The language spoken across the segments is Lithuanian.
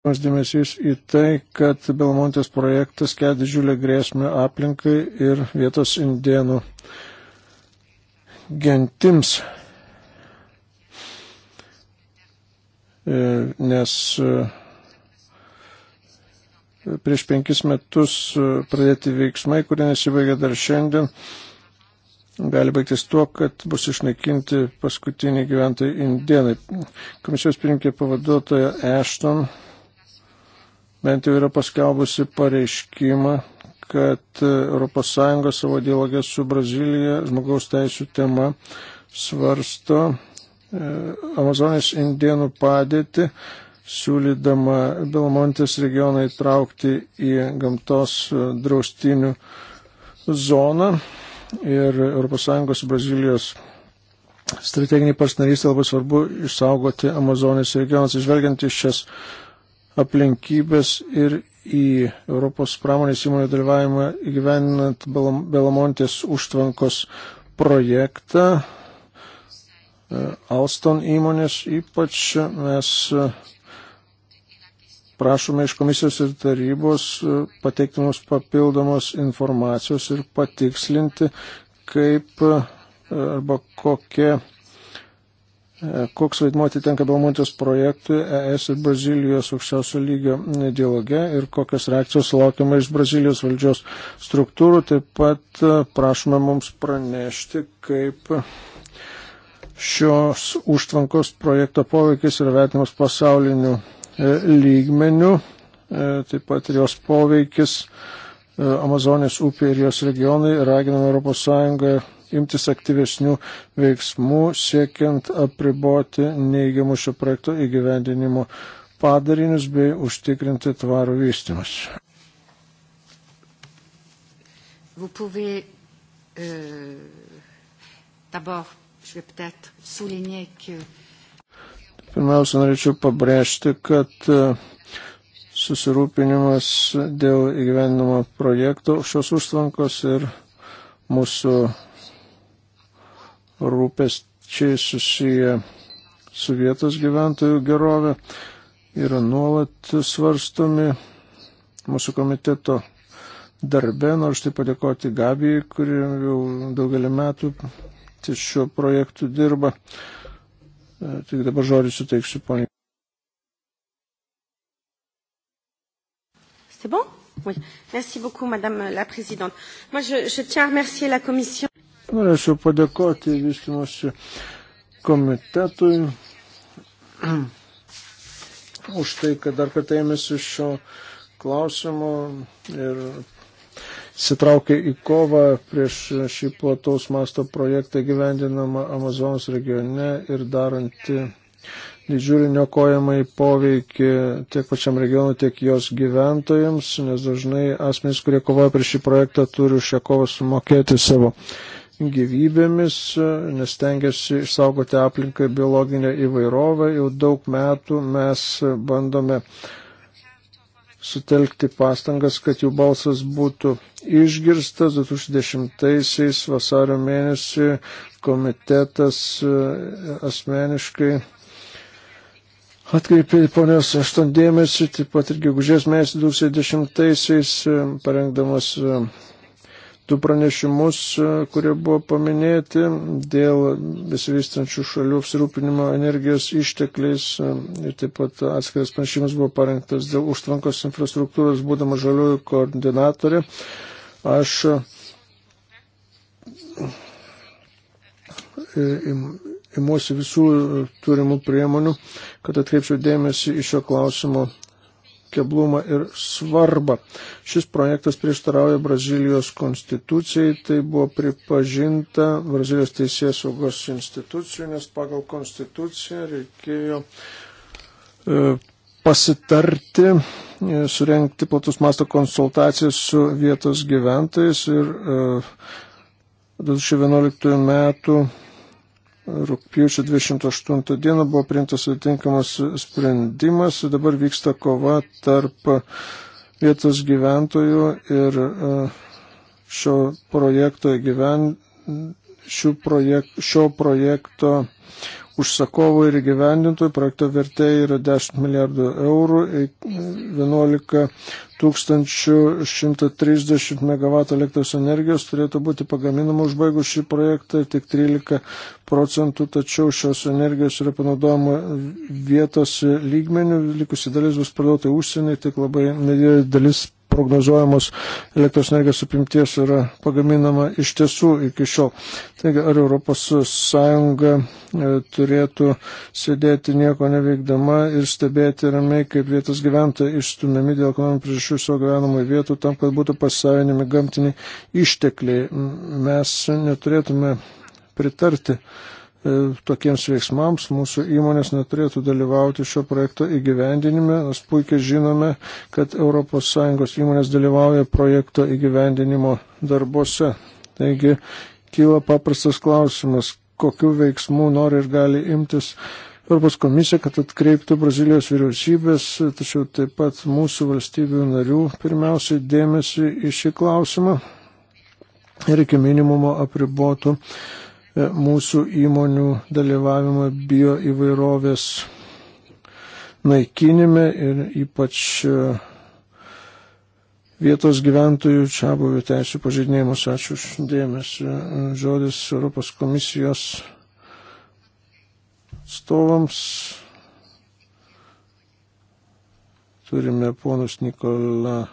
Pas dėmesys į tai, kad Belmontės projektas kelia didžiulę grėsmę aplinkai ir vietos indėnų gentims, e, nes e, prieš penkis metus e, pradėti veiksmai, kurie nesibaigia dar šiandien, gali baigtis tuo, kad bus išnaikinti paskutiniai gyventojai indėnai. Komisijos pirinkė pavaduotoja Ešton bent jau yra paskelbusi pareiškimą, kad ES savo dialogę su Brazilija žmogaus teisų tema svarsto e, Amazonės indienų padėtį, siūlydama Belmontės regioną įtraukti į gamtos e, draustinių zoną ir ES Brazilijos strateginį partnerystę labai svarbu išsaugoti Amazonės regionas. Išvelgiant iš šias aplinkybės ir į Europos pramonės įmonių dalyvavimą įgyveninant Belamontės užtvankos projektą. E, Alston įmonės ypač mes e, prašome iš komisijos ir tarybos e, pateikti mums papildomos informacijos ir patikslinti, kaip arba kokia koks vaidmuo atitenka Belmontis projektui ES ir Brazilijos aukščiausio lygio dialoge ir kokios reakcijos laukiama iš Brazilijos valdžios struktūrų. Taip pat e, prašome mums pranešti, kaip šios užtvankos projekto poveikis yra vertinamas pasauliniu e, lygmeniu, e, taip pat ir jos poveikis Amazonės upė ir jos regionai raginama ES imtis aktyvesnių veiksmų, siekiant apriboti neigiamų šio projekto įgyvendinimo padarinius bei užtikrinti tvarų vystimas. Pouvez, euh, que... Pirmiausia, norėčiau pabrėžti, kad e, susirūpinimas dėl įgyvendinimo projektų šios užtvankos ir mūsų rūpesčiai susiję su vietos gyventojų gerovė yra nuolat svarstomi mūsų komiteto darbe. Noriu štai padėkoti Gabijai, kuri jau daugelį metų ties šiuo projektu dirba. E, tik dabar žodį suteiksiu poniai. C'est bon Oui. Merci beaucoup, Madame la Présidente. Moi, je, je tiens à remercier la Commission. Norėčiau padėkoti vystimosi komitetui už tai, kad dar kartą ėmėsi šio klausimo ir sitraukė į kovą prieš šį plataus masto projektą gyvendinamą Amazonos regione ir daranti didžiulį niokojamai poveikį tiek pačiam regionui, tiek jos gyventojams, nes dažnai asmenys, kurie kovoja prieš šį projektą, turi šią kovą sumokėti savo gyvybėmis, nes tengiasi išsaugoti aplinką biologinę įvairovę. Jau daug metų mes bandome sutelkti pastangas, kad jų balsas būtų išgirstas. 2010 vasario mėnesį komitetas e, asmeniškai atkreipė ponios aštondėmėsi, taip pat ir gegužės mėnesį 2010-aisiais e, parengdamas e, du pranešimus, e, kurie buvo paminėti dėl besivystančių šalių apsirūpinimo energijos ištekliais e, ir taip pat atskiras pranešimas buvo parengtas dėl užtvankos infrastruktūros, būdama žaliųjų koordinatorė. Aš e, imuosi visų turimų priemonių, kad atkreipčiau dėmesį iš šio klausimo keblumą ir svarbą. Šis projektas prieštarauja Brazilijos konstitucijai, tai buvo pripažinta Brazilijos teisės saugos institucijų, nes pagal konstituciją reikėjo e, pasitarti, e, surenkti platus masto konsultacijas su vietos gyventojais ir 2011 e, metų Rūpjūčio 28 dieną buvo priimtas atitinkamas sprendimas, dabar vyksta kova tarp vietos gyventojų ir e, šio projekto, gyven, projek, šio projekto užsakovui ir gyvendintojui. Projekto vertė yra 10 milijardų eurų, 11 130 MW elektros energijos turėtų būti pagaminama užbaigus šį projektą, tik 13 procentų, tačiau šios energijos yra panaudojama vietos lygmenių, likusi dalis bus parduota užsienį, tik labai nedidelė dalis prognozuojamos elektros energijos apimties yra pagaminama iš tiesų iki šiol. Taigi, ar ES e, turėtų sėdėti nieko neveikdama ir stebėti ramiai, kaip vietos gyventojai išstumiami dėl ekonominių priežasčių savo gyvenamų vietų tam, kad būtų pasisavinami gamtiniai ištekliai. Mes neturėtume pritarti E, tokiems veiksmams mūsų įmonės neturėtų dalyvauti šio projekto įgyvendinime, nes puikiai žinome, kad ES įmonės dalyvauja projekto įgyvendinimo darbose. Taigi kyla paprastas klausimas, kokiu veiksmu nori ir gali imtis Europos komisija, kad atkreiptų Brazilijos vyriausybės, tačiau taip pat mūsų valstybių narių pirmiausiai dėmesį į šį klausimą ir iki minimumo apribotų uh, E, mūsų įmonių dalyvavimą bio įvairovės naikinime ir ypač e, vietos gyventojų čia buvių teisų pažeidinėjimus. Ačiū už dėmesį. E, žodis Europos komisijos atstovams. Turime ponus Nikola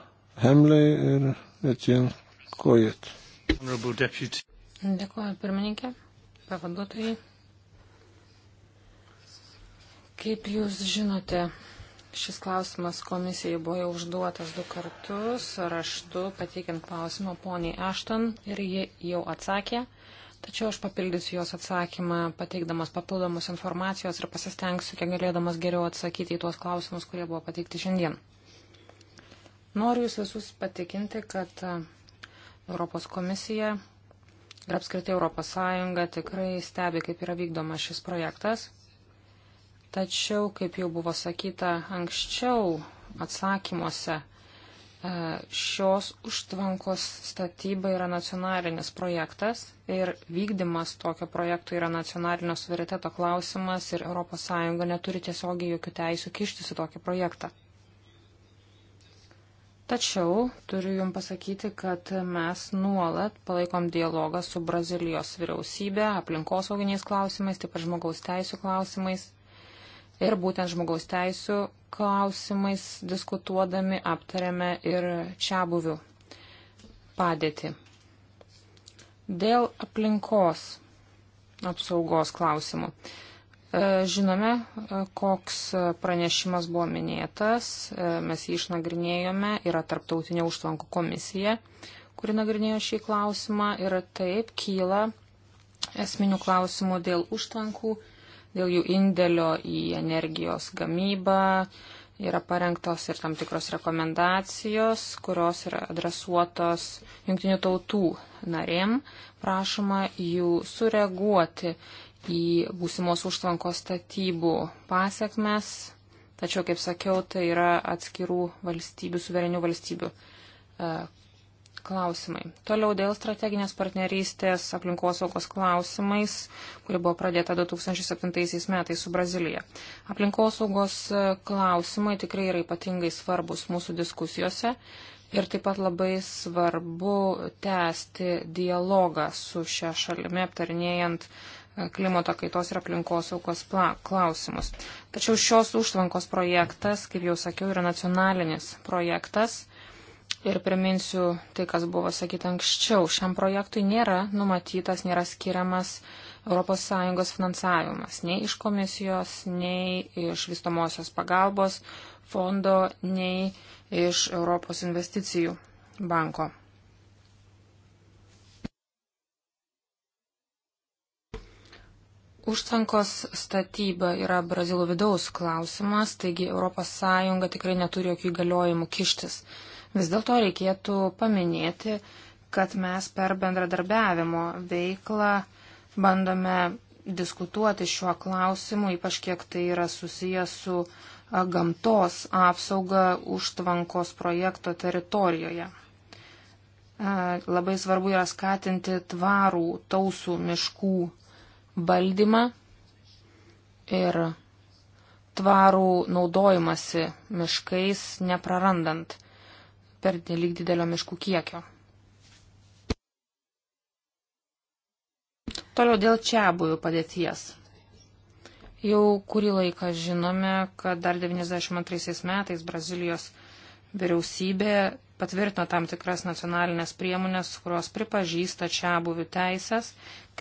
Hemley ir Etienne Kojet. Honorable Deputy. Dėkuoju, pirmininkė pavaduotojai. Kaip jūs žinote, šis klausimas komisijai buvo jau užduotas du kartus raštu, pateikiant klausimą poniai Ashton ir ji jau atsakė. Tačiau aš papildysiu jos atsakymą, pateikdamas papildomus informacijos ir pasistengsiu, kiek galėdamas geriau atsakyti į tuos klausimus, kurie buvo pateikti šiandien. Noriu jūs visus patikinti, kad Europos komisija ir apskritai ES tikrai stebi, kaip yra vykdomas šis projektas. Tačiau, kaip jau buvo sakyta anksčiau atsakymuose, e, šios užtvankos statyba yra nacionalinis projektas ir vykdymas tokio projekto yra nacionalinio suveriteto klausimas ir ES neturi tiesiogiai jokių teisų kištis į tokį projektą. Tačiau turiu Jums pasakyti, kad mes nuolat palaikom dialogą su Brazilijos vyriausybė aplinkosauginiais klausimais, taip pat žmogaus teisų klausimais. Ir būtent žmogaus teisų klausimais diskutuodami aptarėme ir čia buvių padėtį. Dėl aplinkos apsaugos klausimų. E, žinome, e, koks pranešimas buvo minėtas, e, mes jį išnagrinėjome, yra tarptautinė užtvankų komisija, kuri nagrinėjo šį klausimą ir taip kyla esminių klausimų dėl užtvankų, dėl jų indėlio į energijos gamybą, yra parengtos ir tam tikros rekomendacijos, kurios yra adresuotos jungtinių tautų narėm, prašoma jų sureaguoti į būsimos užtvankos statybų pasiekmes, tačiau, kaip sakiau, tai yra atskirų valstybių, suverenių valstybių e, klausimai. Toliau dėl strateginės partnerystės aplinkosaugos klausimais, kuri buvo pradėta 2007 metais su Brazilija. Aplinkosaugos e, klausimai tikrai yra ypatingai svarbus mūsų diskusijose. Ir taip pat labai svarbu tęsti dialogą su šia šalimi, aptarinėjant uh, klimato kaitos ir aplinkosaugos klausimus. Tačiau šios užtvankos projektas, kaip jau sakiau, yra nacionalinis projektas. Ir priminsiu tai, kas buvo sakyta anksčiau. Šiam projektui nėra numatytas, nėra skiriamas ES finansavimas. Nei iš komisijos, nei iš vystomosios pagalbos fondo, nei iš Europos investicijų banko. užtvankos statyba yra Brazilų vidaus klausimas, taigi ES tikrai neturi jokių įgaliojimų kištis. Vis dėlto reikėtų paminėti, kad mes per bendradarbiavimo veiklą bandome diskutuoti šiuo klausimu, ypač kiek tai yra susijęs su gamtos apsauga užtvankos projekto teritorijoje labai svarbu yra skatinti tvarų tausų miškų valdymą ir tvarų naudojimąsi miškais, neprarandant per nelik didelio miškų kiekio. Toliau dėl čia buvių padėties. Jau kurį laiką žinome, kad dar 92 metais Brazilijos vyriausybė patvirtino tam tikras nacionalinės priemonės, kurios pripažįsta čia buvių teisės,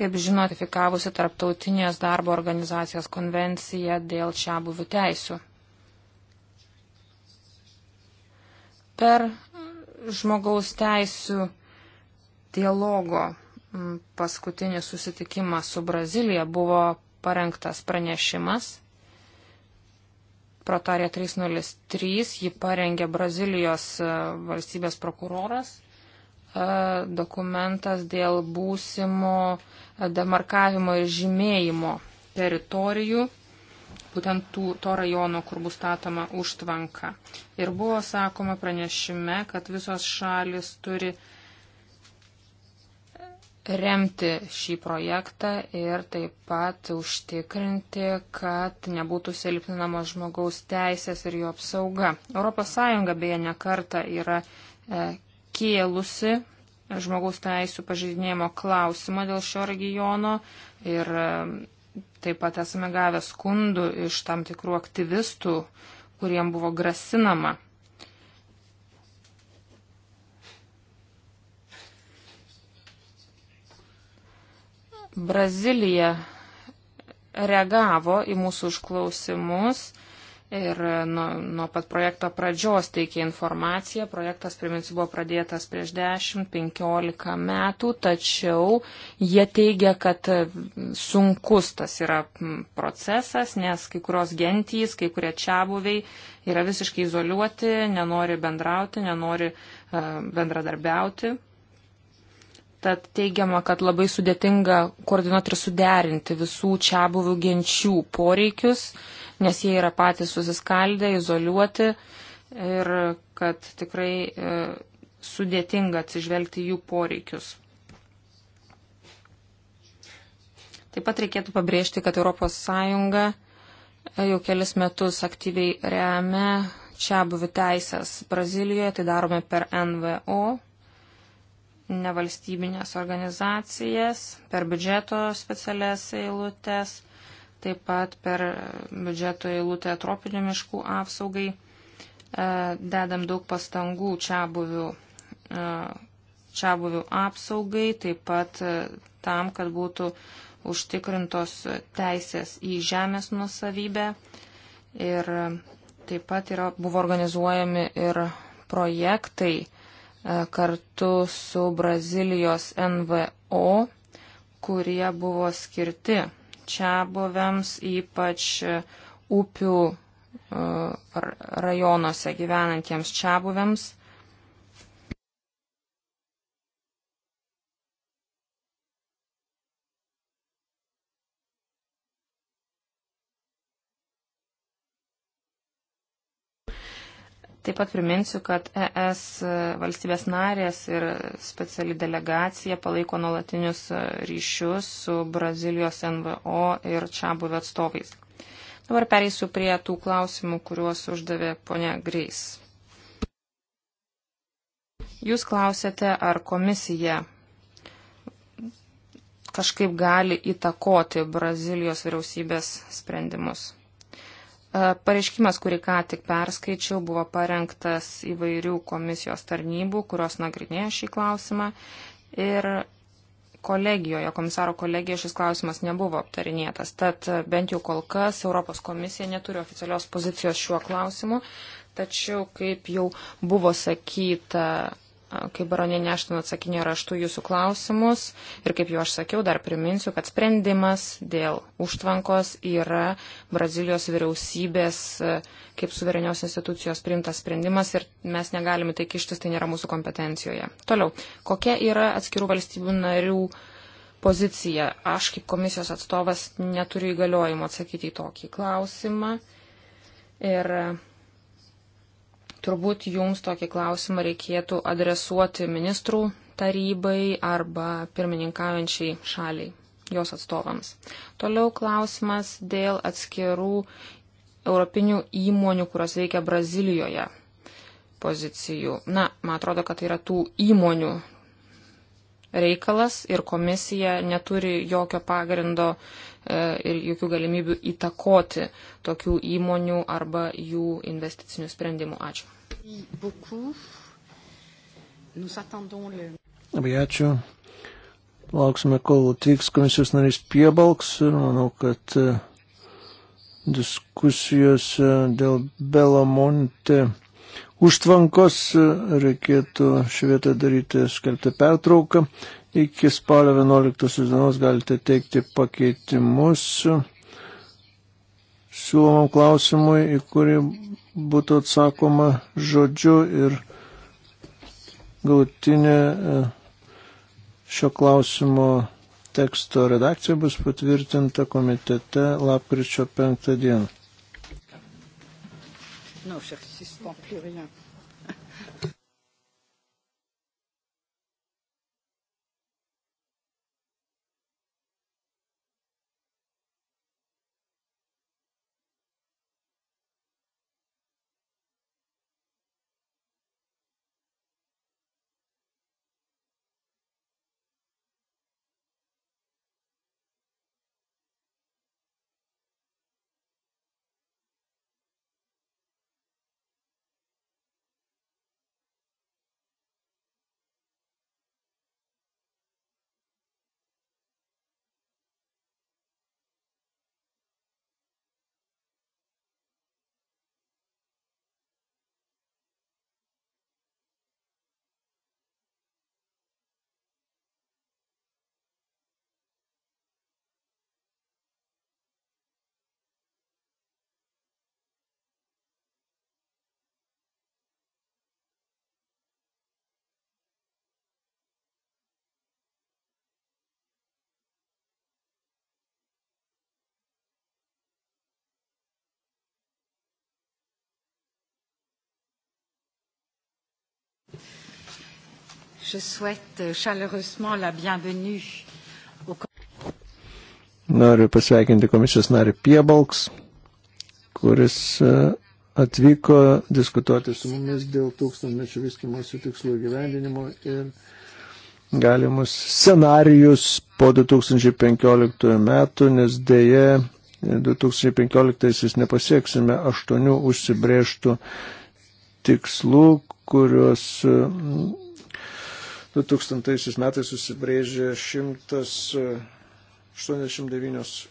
kaip žino, ratifikavusi Tarptautinės darbo organizacijos konvenciją dėl čia buvių teisių. Per žmogaus teisų dialogo paskutinį susitikimą su Brazilija buvo parengtas pranešimas Protarė 303, jį parengė Brazilijos e, valstybės prokuroras. E, dokumentas dėl būsimo e, demarkavimo ir žymėjimo teritorijų būtent tų, to rajono, kur bus statoma užtvanka. Ir buvo sakoma pranešime, kad visos šalis turi uh, remti šį projektą ir taip pat užtikrinti, kad nebūtų silpninamos žmogaus teisės ir jo apsauga. ES beje nekarta yra e, kėlusi žmogaus teisų pažeidinėjimo klausimą dėl šio regiono ir e, taip pat esame gavę skundų iš tam tikrų aktyvistų, kuriem buvo grasinama Brazilija reagavo į mūsų užklausimus ir nuo, nuo pat projekto pradžios teikė informaciją. Projektas, priminsiu, buvo pradėtas prieš 10-15 metų, tačiau jie teigia, kad sunkus tas yra procesas, nes kai kurios gentys, kai kurie čia buviai yra visiškai izoliuoti, nenori bendrauti, nenori uh, bendradarbiauti. Tad teigiama, kad labai sudėtinga koordinuoti ir suderinti visų čia buvių genčių poreikius, nes jie yra patys susiskaldę, izoliuoti ir kad tikrai e, sudėtinga atsižvelgti jų poreikius. Taip pat reikėtų pabrėžti, kad ES e, jau kelis metus aktyviai remia čia buvių teisės Brazilijoje, tai darome per NVO, nevalstybinės organizacijas, per biudžeto specialias eilutės, taip pat per biudžeto eilutę tropinių miškų apsaugai. E, dedam daug pastangų čia buvių, e, čia buvių apsaugai, taip pat e, tam, kad būtų užtikrintos teisės į žemės nusavybę. Ir taip pat yra, buvo organizuojami ir projektai, E, kartu su Brazilijos NVO, kurie buvo skirti čia buvėms, ypač e, upių e, rajonuose gyvenantiems čia buvėms. Taip pat priminsiu, kad ES valstybės narės ir speciali delegacija palaiko nuolatinius ryšius su Brazilijos NVO ir čia buvę atstovais. Dabar pereisiu prie tų klausimų, kuriuos uždavė ponia Greis. Jūs klausėte, ar komisija kažkaip gali įtakoti Brazilijos vyriausybės sprendimus. Pareiškimas, kurį ką tik perskaičiau, buvo parengtas įvairių komisijos tarnybų, kurios nagrinėjo šį klausimą. Ir kolegijoje, komisaro kolegijoje šis klausimas nebuvo aptarinėtas. Tad bent jau kol kas Europos komisija neturi oficialios pozicijos šiuo klausimu. Tačiau, kaip jau buvo sakyta kai baronė Neštin atsakinė raštų jūsų klausimus. Ir kaip jau aš sakiau, dar priminsiu, kad sprendimas dėl užtvankos yra Brazilijos vyriausybės e, kaip suverenios institucijos priimtas sprendimas ir mes negalime tai kištis, tai nėra mūsų kompetencijoje. Toliau, kokia yra atskirų valstybių narių pozicija? Aš kaip komisijos atstovas neturiu įgaliojimo atsakyti į tokį klausimą. Ir Turbūt jums tokį klausimą reikėtų adresuoti ministrų tarybai arba pirmininkaujančiai šaliai, jos atstovams. Toliau klausimas dėl atskirų europinių įmonių, kurios veikia Brazilijoje pozicijų. Na, man atrodo, kad tai yra tų įmonių reikalas ir komisija neturi jokio pagrindo E, ir jokių galimybių įtakoti tokių įmonių arba jų investicinių sprendimų. Ačiū. Labai ačiū. Lauksime, kol atvyks komisijos narys Piebalks ir manau, kad e, diskusijose dėl Belamonte užtvankos e, reikėtų šį vietą daryti skelbti pertrauką Iki spalio 11 dienos galite teikti pakeitimus siūlomam klausimui, į kurį būtų atsakoma žodžiu ir gautinė e, šio klausimo teksto redakcija bus patvirtinta komitete lapkričio 5 dieną. Non, je ne plus rien. Je souhaite euh, chaleureusement la bienvenue au... Noriu pasveikinti komisijos narį Piebalks, kuris e, atvyko diskutuoti su mumis dėl tūkstantmečio vystimosi tikslų gyvendinimo ir galimus scenarius po 2015 metų, nes dėje 2015 e, nepasieksime aštuonių užsibrėžtų tikslų, kuriuos 2000 metais susibrėžė 189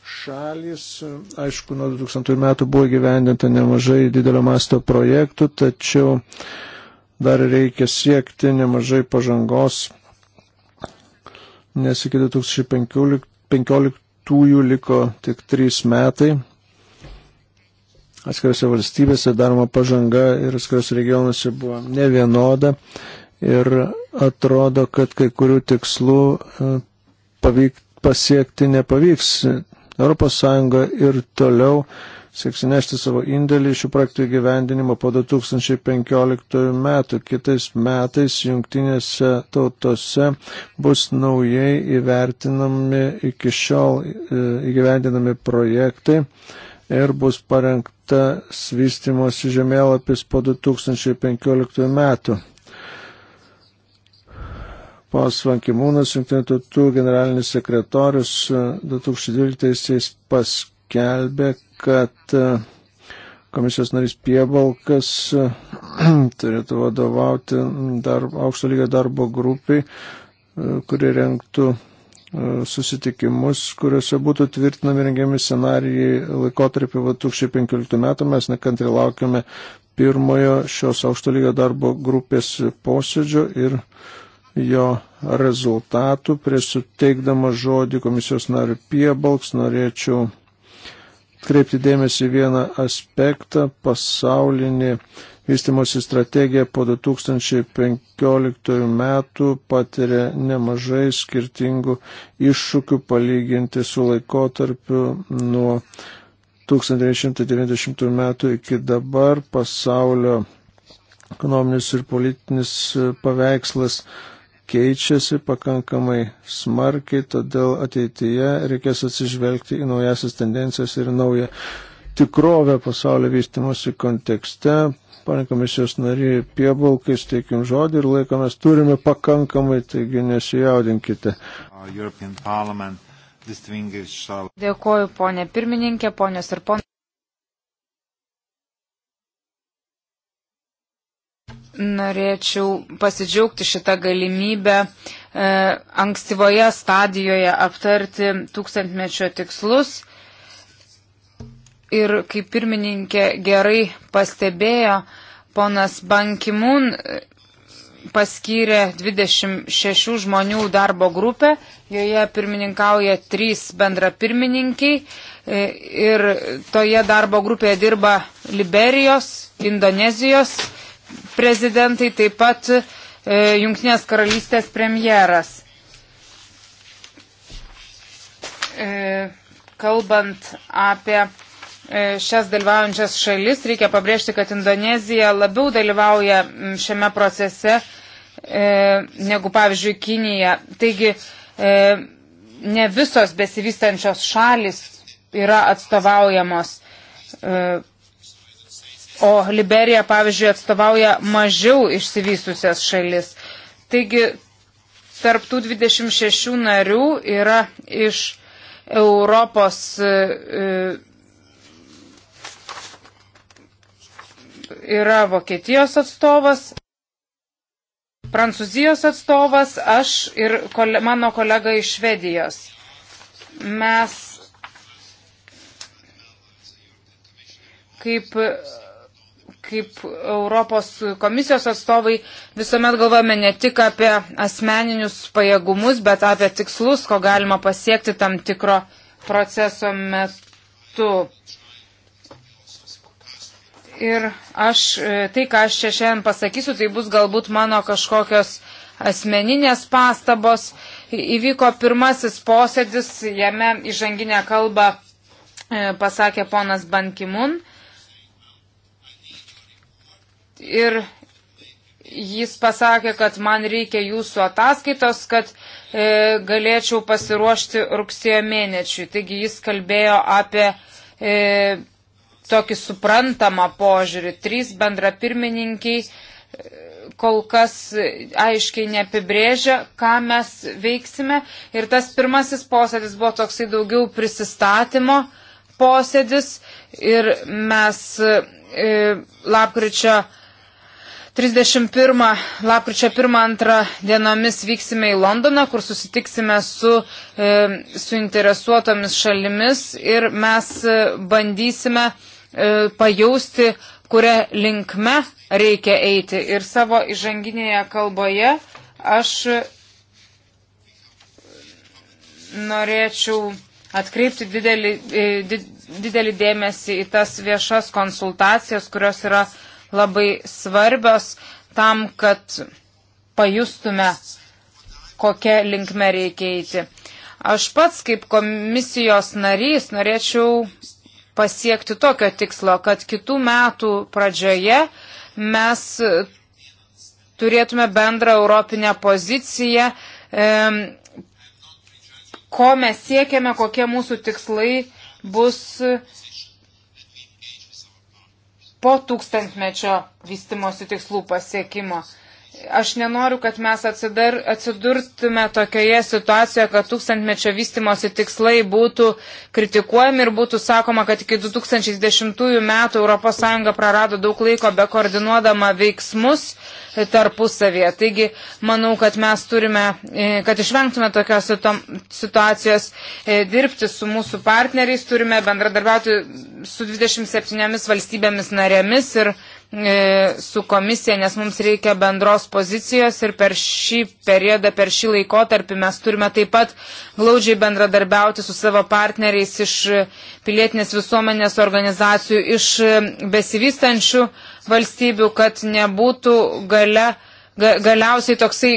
šalis. Aišku, nuo 2000 metų buvo gyvendinta nemažai didelio masto projektų, tačiau dar reikia siekti nemažai pažangos, nes iki 2015 liko tik 3 metai. Atskirose valstybėse daroma pažanga ir atskirose regionuose buvo nevienoda. vienoda ir atrodo, kad kai kurių tikslų e, pavyk, pasiekti nepavyks. ES ir toliau sieks nešti savo indėlį šių projektų įgyvendinimo po 2015 metų. Kitais metais jungtinėse tautose bus naujai įvertinami iki šiol e, įgyvendinami projektai ir bus parengta svystimosi žemėlapis po 2015 metų. Pas Vankimūnas, Junktinių tautų generalinis sekretorius 2012-aisiais e, paskelbė, kad e, komisijos narys Piebalkas e, turėtų vadovauti darb, aukšto lygio darbo grupiai, kuri renktų susitikimus, kuriuose būtų tvirtinami rengiami scenarijai laikotarpį 2015 metų. Mes nekantri laukiame pirmojo šios aukšto lygio darbo grupės posėdžio ir uh, jo rezultatų. Prieš suteikdama žodį komisijos nariu Piebalks norėčiau kreipti dėmesį vieną aspektą - pasaulinį vystimosi strategija po 2015 metų patiria nemažai skirtingų iššūkių palyginti su laikotarpiu nuo 1990 metų iki dabar pasaulio ekonominis ir politinis paveikslas keičiasi pakankamai smarkiai, todėl ateityje reikės atsižvelgti į naujasias tendencijas ir naują tikrovę pasaulio vystimosi kontekste. Pane komisijos nariai, piebalkai, teikim žodį ir laiką mes turime pakankamai, taigi nesijaudinkite. Dėkoju, ponė pirmininkė, ponios ir ponai. Norėčiau pasidžiaugti šitą galimybę e, ankstyvoje stadijoje aptarti tūkstantmečio tikslus. Ir kaip pirmininkė gerai pastebėjo, ponas Bankimun e, paskyrė 26 žmonių darbo grupę, joje pirmininkauja 3 bendrapirmininkiai e, ir toje darbo grupėje dirba Liberijos, Indonezijos prezidentai, taip pat e, Junktinės karalystės premjeras. E, kalbant apie e, šias dalyvaujančias šalis, reikia pabrėžti, kad Indonezija labiau dalyvauja šiame procese e, negu, pavyzdžiui, Kinija. Taigi, e, ne visos besivystančios šalis yra atstovaujamos. E, o Liberija, pavyzdžiui, atstovauja mažiau išsivystusias šalis. Taigi, tarptų 26 narių yra iš Europos. E, e, yra Vokietijos atstovas, Prancūzijos atstovas, aš ir kole, mano kolega iš Švedijos. Mes kaip kaip Europos komisijos atstovai visuomet galvojame ne tik apie asmeninius pajėgumus, bet apie tikslus, ko galima pasiekti tam tikro proceso metu. Ir aš, e, tai, ką aš čia šiandien pasakysiu, tai bus galbūt mano kažkokios asmeninės pastabos. Įvyko pirmasis posėdis, jame įžanginę kalbą e, pasakė ponas Bankimun ir jis pasakė, kad man reikia jūsų ataskaitos, kad e, galėčiau pasiruošti rugsėjo mėnečiui. Taigi jis kalbėjo apie e, tokį suprantamą požiūrį. Trys bendrapirmininkiai e, kol kas aiškiai neapibrėžia, ką mes veiksime. Ir tas pirmasis posėdis buvo toksai daugiau prisistatymo posėdis ir mes e, lapkričio 31 lapkričio 1-2 dienomis vyksime į Londoną, kur susitiksime su e, suinteresuotomis šalimis ir mes e, bandysime e, pajausti, kuria linkme reikia eiti. Ir savo įžanginėje kalboje aš norėčiau atkreipti didelį, e, didelį dėmesį į tas viešas konsultacijas, kurios yra e, labai svarbios tam, kad pajustume, kokią linkmę reikia eiti. Aš pats kaip komisijos narys norėčiau pasiekti tokio tikslo, kad kitų metų pradžioje mes turėtume bendrą europinę poziciją, e, ko mes siekiame, kokie mūsų tikslai bus po tūkstantmečio vystimosi tikslų pasiekimo. Aš nenoriu, kad mes atsidar, atsidurtume tokioje situacijoje, kad tūkstantmečio vystimosi tikslai būtų kritikuojami ir būtų sakoma, kad iki 2010 metų ES prarado daug laiko be koordinuodama veiksmus tarpusavėje. Taigi, manau, kad mes turime, e, kad išvengtume tokios situacijos e, dirbti su mūsų partneriais, turime bendradarbiauti su 27 valstybėmis narėmis ir E, su komisija, nes mums reikia bendros pozicijos ir per šį periodą, per šį laikotarpį mes turime taip pat glaudžiai bendradarbiauti su savo partneriais iš pilietinės visuomenės organizacijų, iš besivystančių valstybių, kad nebūtų gale, galiausiai toksai,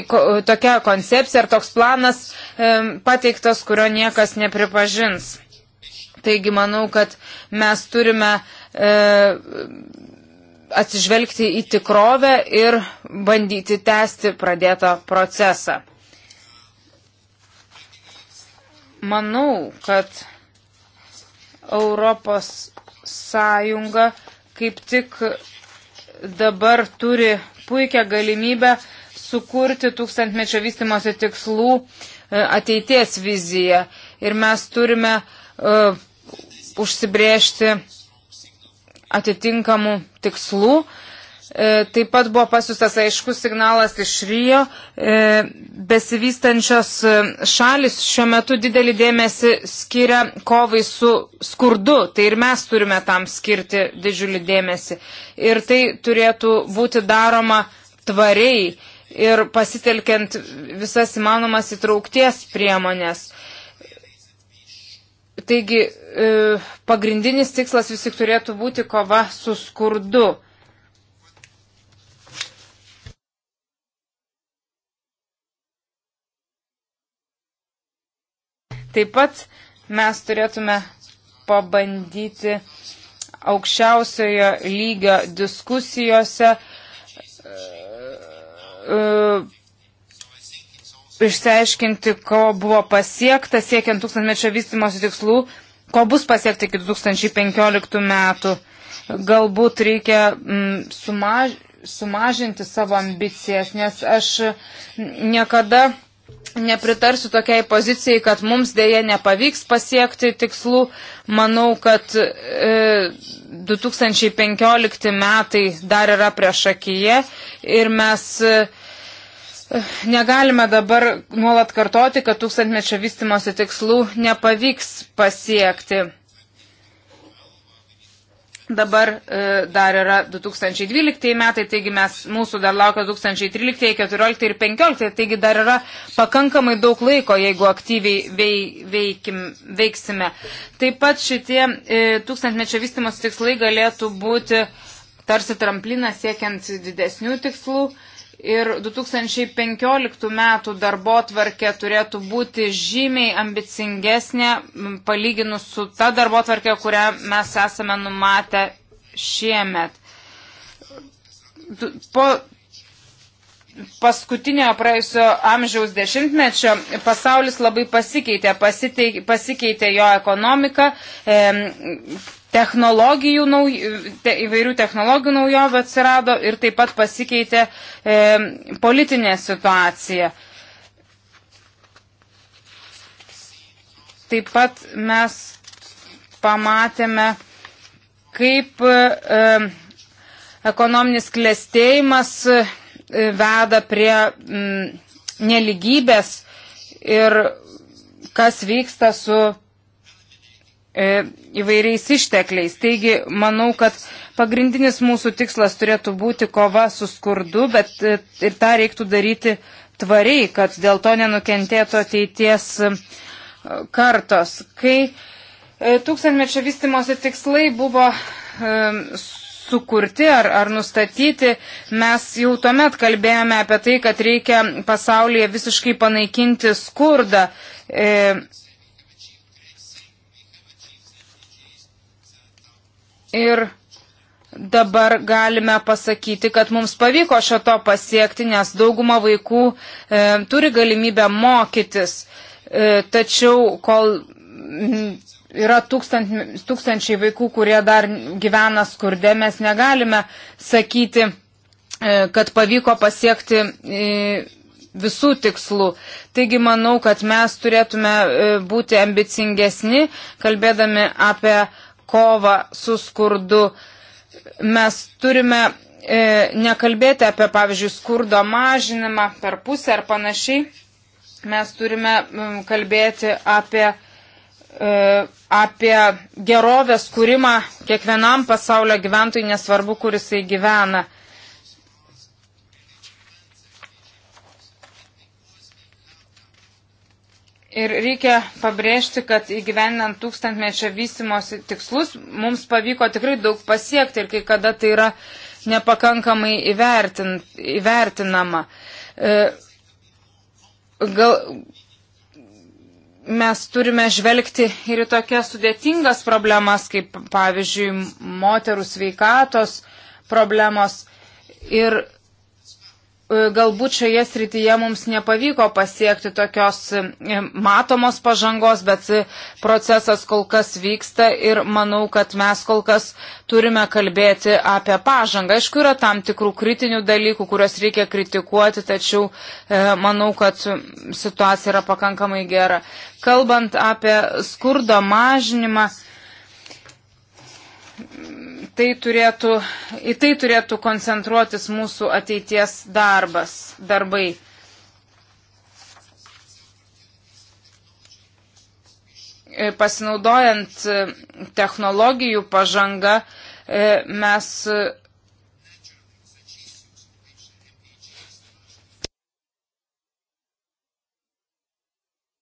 tokia koncepcija ar toks planas e, pateiktas, kurio niekas nepripažins. Taigi manau, kad mes turime e, atsižvelgti į tikrovę ir bandyti tęsti pradėtą procesą. Manau, kad Europos Sąjunga kaip tik dabar turi puikią galimybę sukurti tūkstantmečio vystimosi tikslų e, ateities viziją. Ir mes turime uh, užsibriežti atitinkamų tikslų. E, taip pat buvo pasiustas aiškus signalas iš Rijo. E, besivystančios e, šalis šiuo metu didelį dėmesį skiria kovai su skurdu. Tai ir mes turime tam skirti didžiulį dėmesį. Ir tai turėtų būti daroma tvariai ir pasitelkiant visas įmanomas įtraukties priemonės. Taigi e, pagrindinis tikslas vis tik turėtų būti kova su skurdu. Taip pat mes turėtume pabandyti aukščiausiojo lygio diskusijose e, e, išsiaiškinti, ko buvo pasiekta siekiant tūkstantmečio vystimosi tikslų, ko bus pasiekta iki 2015 metų. Galbūt reikia mm, sumaž, sumažinti savo ambicijas, nes aš niekada nepritarsiu tokiai pozicijai, kad mums dėje nepavyks pasiekti tikslų. Manau, kad e, 2015 metai dar yra prieš akiją ir mes. E, Negalime dabar nuolat kartoti, kad tūkstantmečio vystimosi tikslų nepavyks pasiekti. Dabar e, dar yra 2012 metai, taigi mes, mūsų dar laukia 2013, 2014 ir 2015, taigi dar yra pakankamai daug laiko, jeigu aktyviai vei, veikim, veiksime. Taip pat šitie e, tūkstantmečio vystimos tikslai galėtų būti tarsi tramplinas siekiant didesnių tikslų. E, ir 2015 metų darbo tvarkė turėtų būti žymiai ambicingesnė palyginus su ta darbo tvarkė, kurią mes esame numatę šiemet. Po paskutinio praėjusio amžiaus dešimtmečio pasaulis labai pasikeitė, pasiteik, pasikeitė jo ekonomika, e, technologijų, nauj, te, įvairių technologijų naujovių atsirado ir taip pat pasikeitė e, politinė situacija. Taip pat mes pamatėme, kaip e, ekonominis klėstėjimas e, veda prie m, neligybės ir kas vyksta su E, įvairiais ištekliais. Taigi, manau, kad pagrindinis mūsų tikslas turėtų būti kova su skurdu, bet e, ir tą reiktų daryti tvariai, kad dėl to nenukentėtų ateities e, kartos. Kai tūkstantmečio vystimosi tikslai buvo sukurti ar, ar nustatyti, mes jau tuomet kalbėjome apie tai, kad reikia pasaulyje visiškai panaikinti skurdą. E, Ir dabar galime pasakyti, kad mums pavyko šito pasiekti, nes dauguma vaikų e, turi galimybę mokytis. E, tačiau, kol yra tūkstant, tūkstančiai vaikų, kurie dar gyvena skurde, mes negalime sakyti, e, kad pavyko pasiekti e, visų tikslų. Taigi manau, kad mes turėtume e, būti ambicingesni, kalbėdami apie kovą su skurdu. Mes turime e, nekalbėti apie, pavyzdžiui, skurdo mažinimą per pusę ar panašiai. Mes turime m, kalbėti apie, e, apie gerovės kūrimą kiekvienam pasaulio gyventojui, nesvarbu, kur jisai gyvena. Ir reikia pabrėžti, kad įgyvenant tūkstantmečio vystimosi tikslus mums pavyko tikrai daug pasiekti ir kai kada tai yra nepakankamai įvertin, įvertinama. E, gal mes turime žvelgti ir į tokias sudėtingas problemas, kaip pavyzdžiui moterų sveikatos problemos. Ir E, galbūt šioje srityje mums nepavyko pasiekti tokios e, matomos pažangos, bet e, procesas kol kas vyksta ir manau, kad mes kol kas turime kalbėti apie pažangą. Aišku, yra tam tikrų kritinių dalykų, kuriuos reikia kritikuoti, tačiau manau, kad situacija yra pakankamai gera. Kalbant apie skurdo mažinimą, tai turėtų, į tai turėtų koncentruotis mūsų ateities darbas, darbai. E, pasinaudojant e, technologijų pažangą, e, mes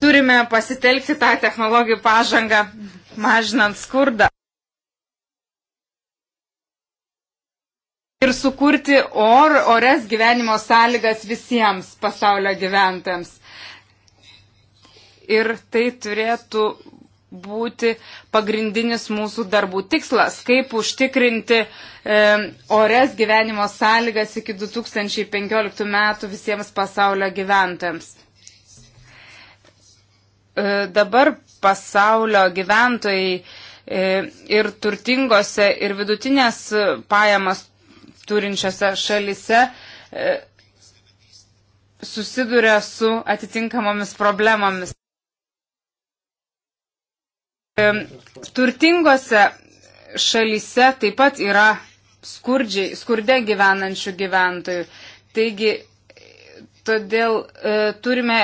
turime pasitelkti tą technologijų pažangą, mažinant skurdą. ir sukurti or, ores gyvenimo sąlygas visiems pasaulio gyventojams. Ir tai turėtų būti pagrindinis mūsų darbų tikslas, kaip užtikrinti e, ores gyvenimo sąlygas iki 2015 metų visiems pasaulio gyventojams. E, dabar pasaulio gyventojai e, ir turtingose ir vidutinės pajamas turinčiose šalise e, susiduria su atitinkamomis problemomis. E, turtingose šalyse taip pat yra skurdžiai, skurde gyvenančių gyventojų. Taigi, todėl e, turime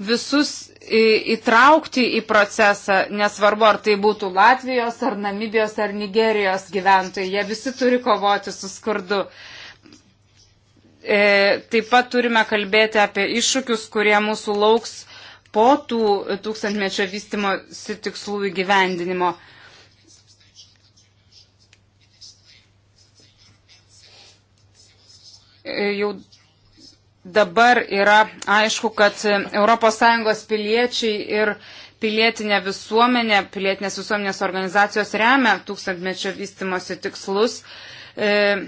visus įtraukti į procesą, nesvarbu ar tai būtų Latvijos, ar Namibijos, ar Nigerijos gyventojai, jie visi turi kovoti su skurdu. E, taip pat turime kalbėti apie iššūkius, kurie mūsų lauks po tų tūkstantmečio vystimo tikslų įgyvendinimo. E, jau dabar yra aišku, kad ES piliečiai ir pilietinė visuomenė, pilietinės visuomenės organizacijos remia tūkstantmečio vystimosi tikslus. E,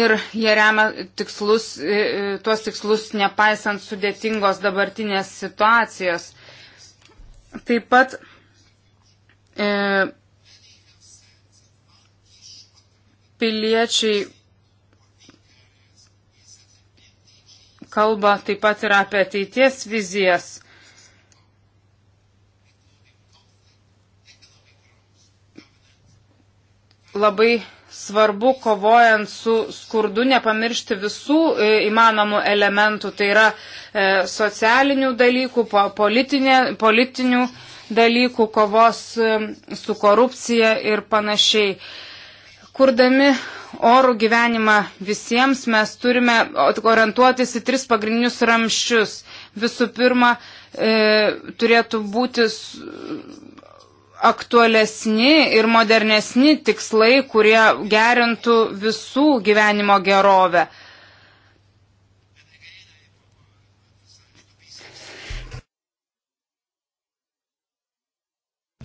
ir jie remia tikslus, e, e, tuos tikslus nepaisant sudėtingos dabartinės situacijos. Taip pat piliečiai kalba taip pat ir apie ateities vizijas. Labai svarbu, kovojant su skurdu, nepamiršti visų e, įmanomų elementų, tai yra e, socialinių dalykų, politinių dalykų, kovos e, su korupcija ir panašiai. Kurdami orų gyvenimą visiems, mes turime orientuotis į tris pagrindinius ramščius. Visų pirma, e, turėtų būti aktualesni ir modernesni tikslai, kurie gerintų visų gyvenimo gerovę. E,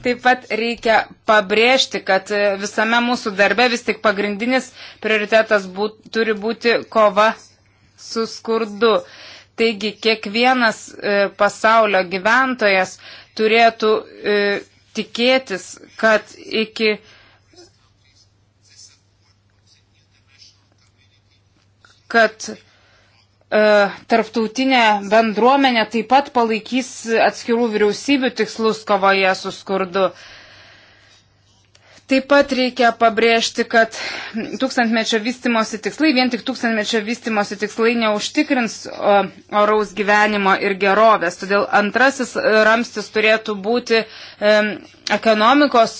Taip pat reikia pabrėžti, kad visame mūsų darbe vis tik pagrindinis prioritetas būt, turi būti kova su skurdu. Taigi kiekvienas e, pasaulio gyventojas turėtų e, tikėtis, kad iki kad E, tarptautinė bendruomenė taip pat palaikys atskirų vyriausybių tikslus kovoje su skurdu. Taip pat reikia pabrėžti, kad tūkstantmečio vystimosi tikslai, vien tik tūkstantmečio vystimosi tikslai neužtikrins e, oraus gyvenimo ir gerovės. Todėl antrasis e, ramstis turėtų būti ekonomikos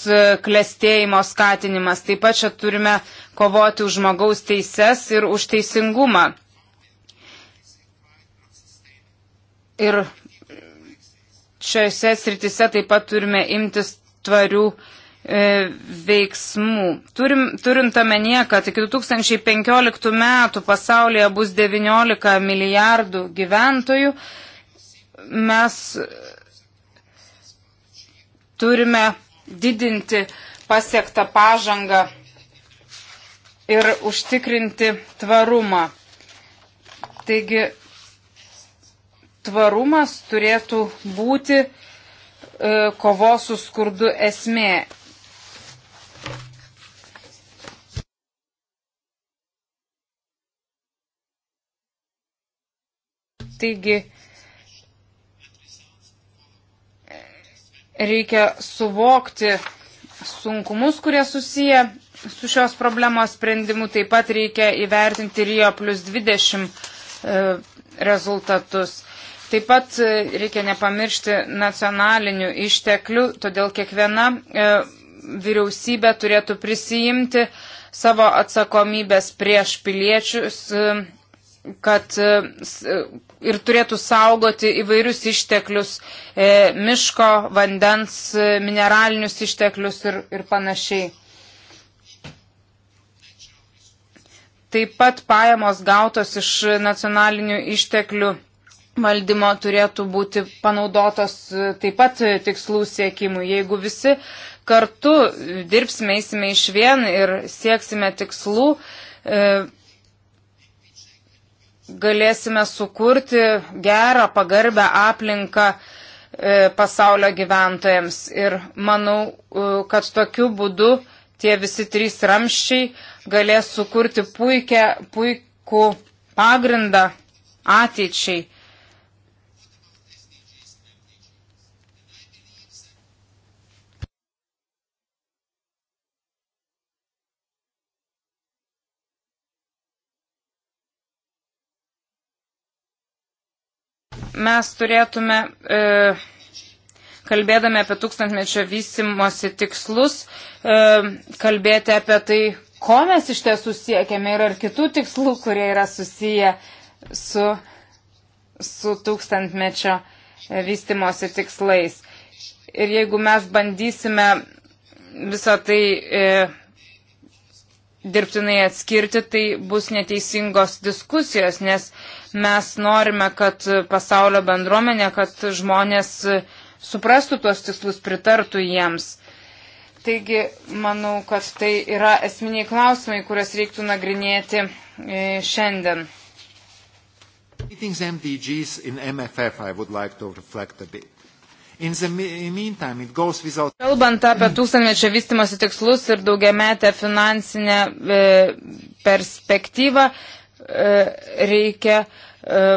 klestėjimo skatinimas. Taip pat čia turime kovoti už žmogaus teises ir už teisingumą. Ir šiose sritise taip pat turime imtis tvarių e, veiksmų. Turim, turint omenyje, kad iki 2015 metų pasaulyje bus 19 milijardų gyventojų, mes turime didinti pasiektą pažangą ir užtikrinti tvarumą. Taigi tvarumas turėtų būti e, kovos su skurdu esmė. Taigi reikia suvokti sunkumus, kurie susiję su šios problemos sprendimu. Taip pat reikia įvertinti Rio plus 20 e, rezultatus. Taip pat e, reikia nepamiršti nacionalinių išteklių, todėl kiekviena e, vyriausybė turėtų prisijimti savo atsakomybės prieš piliečius, e, kad e, ir turėtų saugoti įvairius išteklius, miško, vandens, mineralinius išteklius ir, ir panašiai. Taip pat pajamos gautos iš nacionalinių išteklių valdymo turėtų būti panaudotos taip pat tikslų siekimui. Jeigu visi kartu dirbsime, eisime iš vien ir sieksime tikslų, e, galėsime sukurti gerą, pagarbę aplinką e, pasaulio gyventojams. Ir manau, e, kad tokiu būdu tie visi trys ramščiai galės sukurti puikia, puikų pagrindą ateičiai. mes turėtume, e, kalbėdami apie tūkstantmečio vystimosi tikslus, e, kalbėti apie tai, ko mes iš tiesų siekiame ir ar kitų tikslų, kurie yra susiję su, su tūkstantmečio e, vystimosi tikslais. Ir jeigu mes bandysime visą tai dirbtinai atskirti, tai bus neteisingos diskusijos, nes mes norime, kad pasaulio bendruomenė, kad žmonės suprastų tuos tikslus, pritartų jiems. Taigi, manau, kad tai yra esminiai klausimai, kurias reiktų nagrinėti e, šiandien. Meetings MDGs in MFF I would like to reflect a bit. Meantime, without... Kalbant apie tūkstantmečio vystimosi tikslus ir daugiametę finansinę e, perspektyvą, e, reikia e,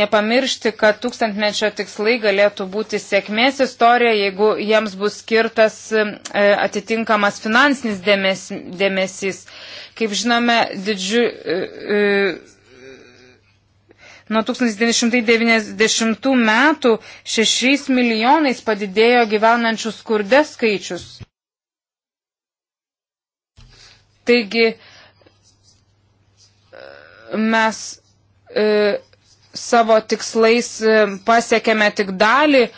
nepamiršti, kad tūkstantmečio tikslai galėtų būti sėkmės istorija, jeigu jiems bus skirtas e, atitinkamas finansinis dėmes, dėmesys. Kaip žinome, didžiu e, e, Nuo 1990 metų 6 milijonais padidėjo gyvenančių skurde skaičius. Taigi mes e, savo tikslais e, pasiekėme tik dalį e,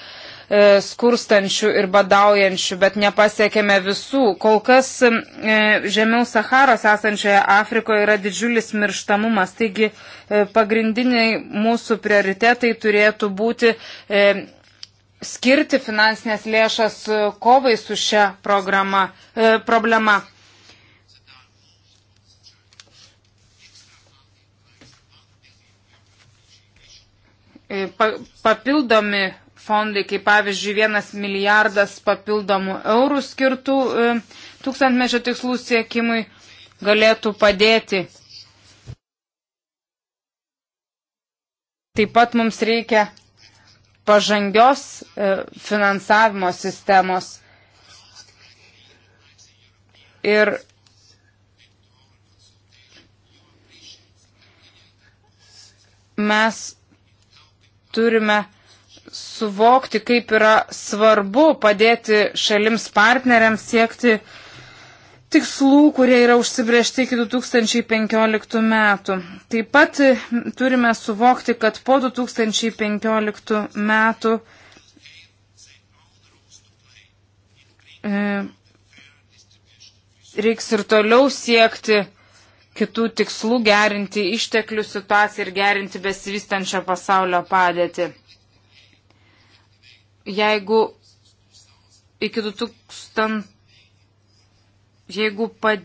E, skurstančių ir badaujančių, bet nepasiekėme visų. Kol kas e, žemiau Saharos esančioje Afrikoje yra didžiulis mirštamumas, taigi e, pagrindiniai mūsų prioritetai turėtų būti skirti finansinės lėšas kovai su šia programa, problema. Papildomi fondai, kaip pavyzdžiui, vienas milijardas papildomų eurų skirtų e, tūkstantmečio tikslų siekimui galėtų padėti. Taip pat mums reikia pažangios e, finansavimo sistemos. Ir mes turime suvokti, kaip yra svarbu padėti šalims partneriams siekti tikslų, kurie yra užsibriežti iki 2015 metų. Taip pat turime suvokti, kad po 2015 metų e, reiks ir toliau siekti kitų tikslų, gerinti išteklių situaciją ir gerinti besivystančią pasaulio padėtį jeigu iki 2000, jeigu pad...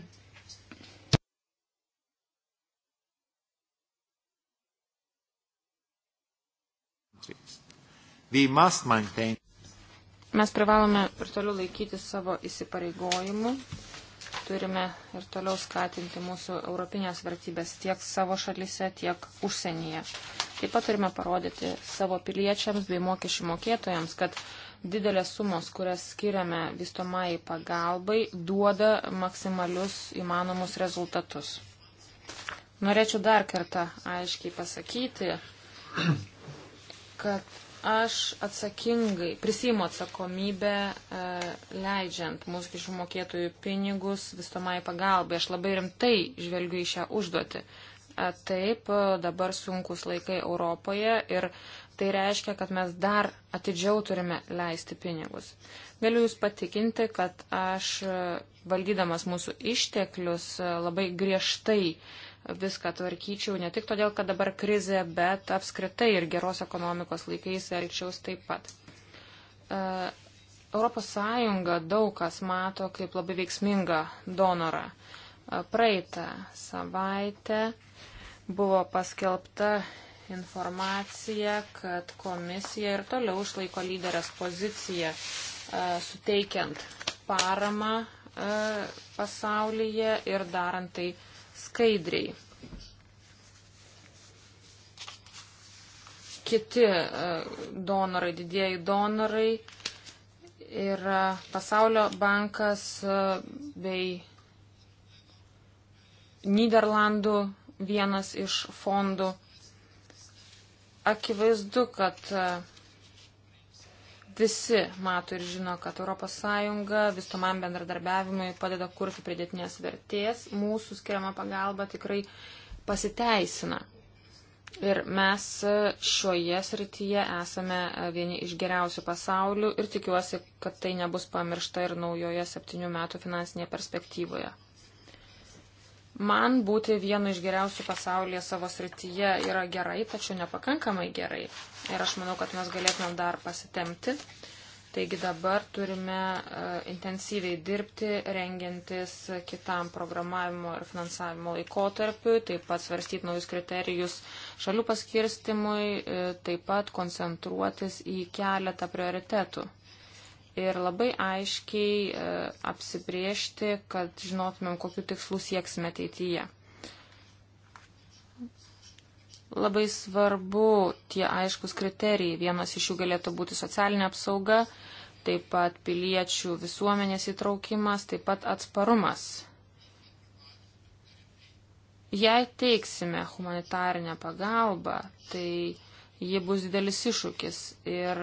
Mes privalome ir toliau laikyti savo įsipareigojimų, turime ir toliau skatinti mūsų europinės vertybės tiek savo šalyse, tiek užsienyje. Taip pat turime parodyti savo piliečiams bei mokesčių mokėtojams, kad didelės sumos, kurias skiriame vystomai pagalbai, duoda maksimalius įmanomus rezultatus. Norėčiau dar kartą aiškiai pasakyti, kad aš atsakingai prisimu atsakomybę, e, leidžiant mūsų mokėtojų pinigus vystomai pagalbai. Aš labai rimtai žvelgiu į šią užduotį. Taip, dabar sunkus laikai Europoje ir tai reiškia, kad mes dar atidžiau turime leisti pinigus. Galiu Jūs patikinti, kad aš, valdydamas mūsų išteklius, labai griežtai viską tvarkyčiau, ne tik todėl, kad dabar krizė, bet apskritai ir geros ekonomikos laikais elgčiaus taip pat. Europos Sąjunga daug kas mato kaip labai veiksmingą donorą. Praeitą savaitę buvo paskelbta informacija, kad komisija ir toliau išlaiko lyderės poziciją, e, suteikiant paramą e, pasaulyje ir darant tai skaidriai. Kiti e, donorai, didieji donorai yra Pasaulio bankas bei Niderlandų vienas iš fondų. Akivaizdu, kad e, visi mato ir žino, kad ES visomam bendradarbiavimui padeda kurti pridėtinės vertės, mūsų skiriama pagalba tikrai pasiteisina. Ir mes e, šioje srityje esame e, vieni iš geriausių pasaulių ir tikiuosi, kad tai nebus pamiršta ir naujoje septynių metų finansinėje perspektyvoje. Man būti vienu iš geriausių pasaulyje savo srityje yra gerai, tačiau nepakankamai gerai. Ir aš manau, kad mes galėtumėm dar pasitemti. Taigi dabar turime e, intensyviai dirbti, rengiantis kitam programavimo ir finansavimo laikotarpiu, taip pat svarstyti naujus kriterijus šalių paskirstimui, e, taip pat koncentruotis į keletą prioritetų ir labai aiškiai e, apsibriežti, kad žinotumėm, kokiu tikslu sieksime ateityje. Labai svarbu tie aiškus kriterijai. Vienas iš jų galėtų būti socialinė apsauga, taip pat piliečių visuomenės įtraukimas, taip pat atsparumas. Jei teiksime humanitarinę pagalbą, tai ji bus didelis iššūkis ir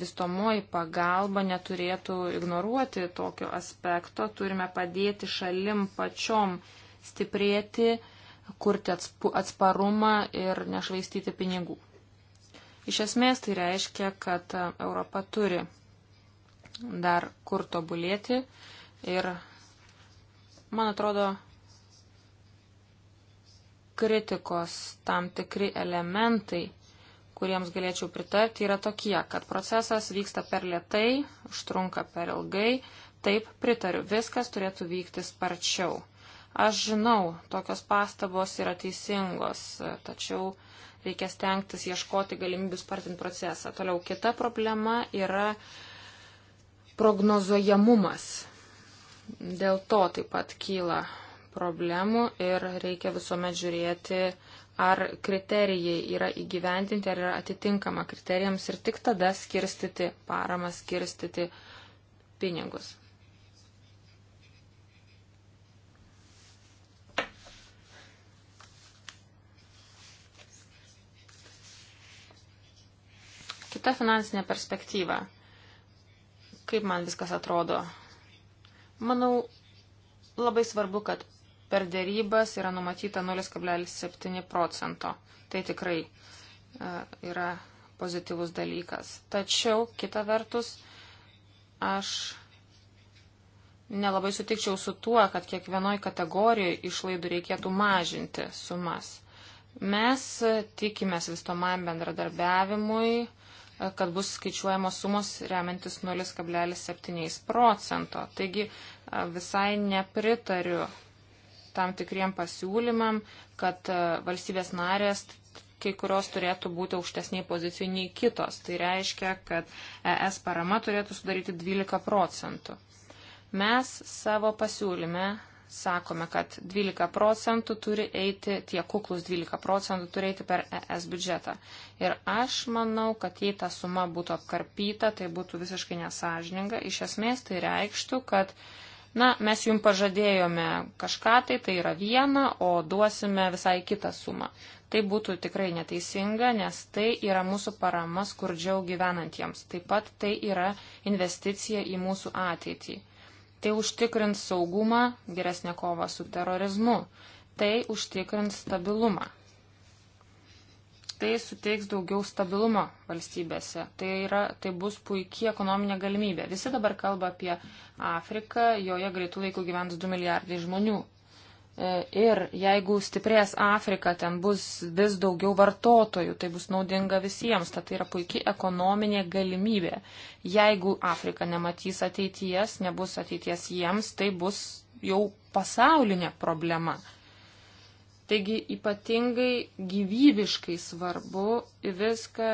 vistomoji pagalba neturėtų ignoruoti tokio aspekto. Turime padėti šalim pačiom stiprėti, kurti atsparumą ir nešvaistyti pinigų. Iš esmės tai reiškia, kad Europa turi dar kur tobulėti ir, man atrodo, kritikos tam tikri elementai kuriems galėčiau pritarti, yra tokie, kad procesas vyksta per lietai, užtrunka per ilgai. Taip, pritariu, viskas turėtų vykti sparčiau. Aš žinau, tokios pastabos yra teisingos, tačiau reikia stengtis ieškoti galimybių spartinti procesą. Toliau kita problema yra prognozojamumas. Dėl to taip pat kyla problemų ir reikia visuomet žiūrėti ar kriterijai yra įgyventinti, ar yra atitinkama kriterijams ir tik tada skirstyti paramą, skirstyti pinigus. Kita finansinė perspektyva. Kaip man viskas atrodo? Manau, labai svarbu, kad per dėrybas yra numatyta 0,7 procento. Tai tikrai e, yra pozityvus dalykas. Tačiau, kita vertus, aš nelabai sutikčiau su tuo, kad kiekvienoj kategorijoje išlaidų reikėtų mažinti sumas. Mes tikimės vistomajam bendradarbiavimui, e, kad bus skaičiuojamos sumos remiantis 0,7 procento. Taigi e, visai nepritariu tam tikriem pasiūlymam, kad e, valstybės narės kai kurios turėtų būti aukštesniai pozicijai nei kitos. Tai reiškia, kad ES parama turėtų sudaryti 12 procentų. Mes savo pasiūlyme sakome, kad 12 procentų turi eiti, tie kuklus 12 procentų turi eiti per ES biudžetą. Ir aš manau, kad jei ta suma būtų apkarpyta, tai būtų visiškai nesažininga. Iš esmės tai reikštų, kad uh, na, mes jums pažadėjome kažką tai, tai yra viena, o duosime visai kitą sumą. Tai būtų tikrai neteisinga, nes tai yra mūsų parama skurdžiau gyvenantiems. Taip pat tai yra investicija į mūsų ateitį. Tai užtikrins saugumą, geresnę kovą su terorizmu. Tai užtikrins stabilumą tai suteiks daugiau stabilumo valstybėse. Tai, yra, tai bus puikiai ekonominė galimybė. Visi dabar kalba apie Afriką, joje greitų laikų gyvens 2 milijardai žmonių. E, ir jeigu stiprės Afrika, ten bus vis daugiau vartotojų, tai bus naudinga visiems, tad tai yra puikiai ekonominė galimybė. Jeigu Afrika nematys ateities, nebus ateities jiems, tai bus jau pasaulinė problema. Taigi ypatingai gyvybiškai svarbu viską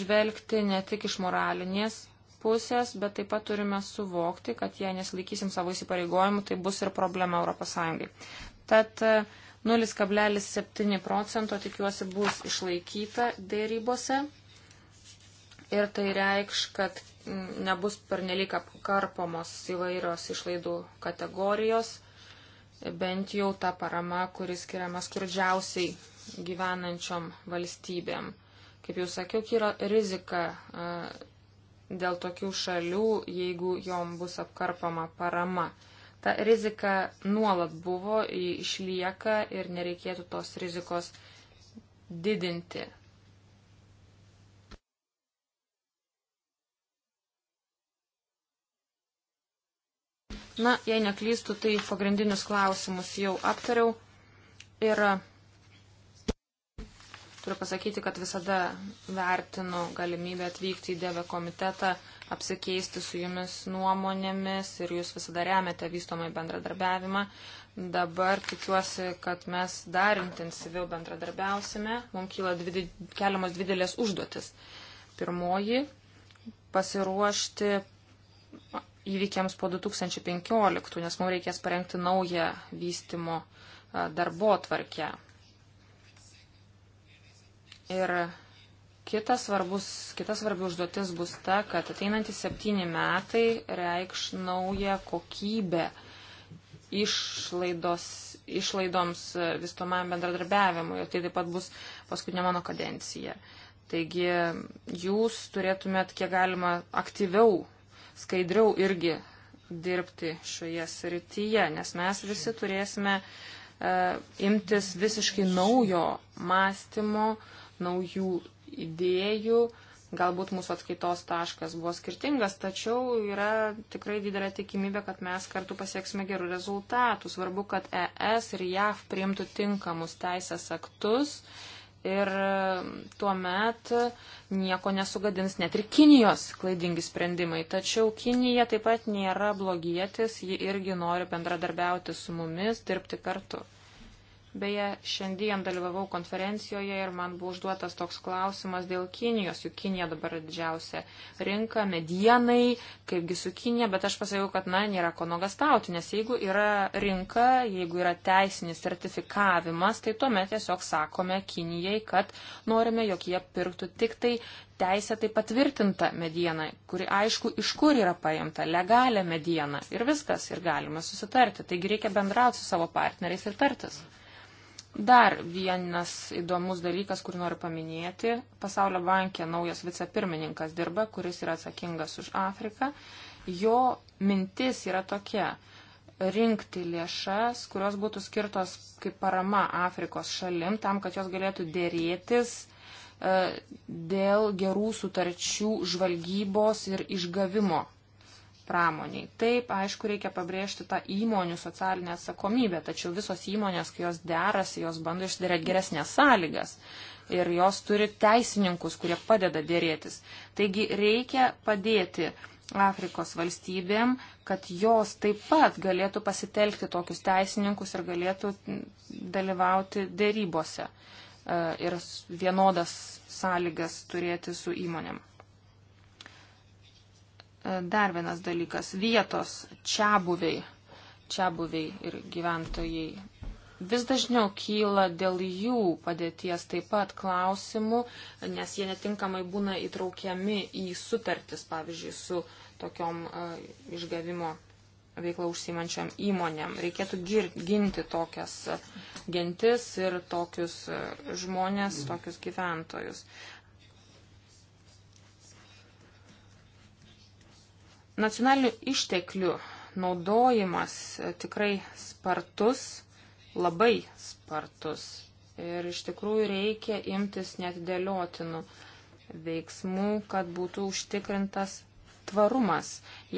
žvelgti ne tik iš moralinės pusės, bet taip pat turime suvokti, kad jei nesilaikysim savo įsipareigojimų, tai bus ir problema ES. Tad 0,7 e, procento tikiuosi bus išlaikyta dėrybose ir tai reikš, kad nebus pernelyg apkarpomos įvairios išlaidų kategorijos bent jau ta parama, kuris skiriama skurdžiausiai gyvenančiom valstybėm. Kaip jau sakiau, yra rizika dėl tokių šalių, jeigu jom bus apkarpama parama. Ta rizika nuolat buvo, išlieka ir nereikėtų tos rizikos didinti. Na, jei neklystų, tai pagrindinius klausimus jau aptariau ir turiu pasakyti, kad visada vertinu galimybę atvykti į Deve komitetą, apsikeisti su jumis nuomonėmis ir jūs visada remiate vystomai bendradarbiavimą. Dabar tikiuosi, kad mes dar intensyviau bendradarbiausime. Mums kyla dvidi, keliamos didelės užduotis. Pirmoji - pasiruošti įvykiams po 2015, nes mums reikės parengti naują vystimo darbo tvarkę. Ir kitas, svarbus, kitas svarbi užduotis bus ta, kad ateinantys septyni metai reikš naują kokybę išlaidos, išlaidoms visomajam bendradarbiavimui. Ir tai taip pat bus paskutinė mano kadencija. Taigi jūs turėtumėt kiek galima aktyviau skaidriau irgi dirbti šioje srityje, nes mes visi turėsime e, imtis visiškai naujo mąstymo, naujų idėjų. Galbūt mūsų atskaitos taškas buvo skirtingas, tačiau yra tikrai didelė tikimybė, kad mes kartu pasieksime gerų rezultatų. Svarbu, kad ES ir JAV priimtų tinkamus teisės aktus ir e, tuo met nieko nesugadins net ir Kinijos klaidingi sprendimai. Tačiau Kinija taip pat nėra blogietis, ji irgi nori bendradarbiauti su mumis, dirbti kartu. Beje, šiandien dalyvavau konferencijoje ir man buvo užduotas toks klausimas dėl Kinijos, juk Kinija dabar didžiausia rinka medienai, kaipgi su Kinija, bet aš pasakiau, kad, na, nėra ko nogastauti, nes jeigu yra rinka, jeigu yra teisinis sertifikavimas, tai tuomet tiesiog sakome Kinijai, kad norime, jog jie pirktų tik tai teisėtai patvirtinta mediena, kuri aišku, iš kur yra paimta, legalią medieną ir viskas, ir galima susitarti. Taigi reikia bendrauti su savo partneriais ir tartis. Dar vienas įdomus dalykas, kurį noriu paminėti. Pasaulio bankė naujas vicepirmininkas dirba, kuris yra atsakingas už Afriką. Jo mintis yra tokia - rinkti lėšas, kurios būtų skirtos kaip parama Afrikos šalim, tam, kad jos galėtų dėrėtis e, dėl gerų sutarčių žvalgybos ir išgavimo pramoniai. Taip, aišku, reikia pabrėžti tą įmonių socialinę atsakomybę, tačiau visos įmonės, kai jos derasi, jos bando išsiderėti geresnės sąlygas. Ir jos turi teisininkus, kurie padeda dėrėtis. Taigi reikia padėti Afrikos valstybėm, kad jos taip pat galėtų pasitelkti tokius teisininkus ir galėtų dalyvauti dėrybose e, ir vienodas sąlygas turėti su įmonėm. Dar vienas dalykas - vietos čia buviai, čia buviai ir gyventojai. Vis dažniau kyla dėl jų padėties taip pat klausimų, nes jie netinkamai būna įtraukiami į sutartis, pavyzdžiui, su tokiom e, išgavimo veiklą užsimančiam įmonėm. Reikėtų gir, ginti tokias gentis ir tokius e, žmonės, tokius gyventojus. Nacionalinių išteklių naudojimas e, tikrai spartus, labai spartus. Ir iš tikrųjų reikia imtis netidėliotinų veiksmų, kad būtų užtikrintas tvarumas.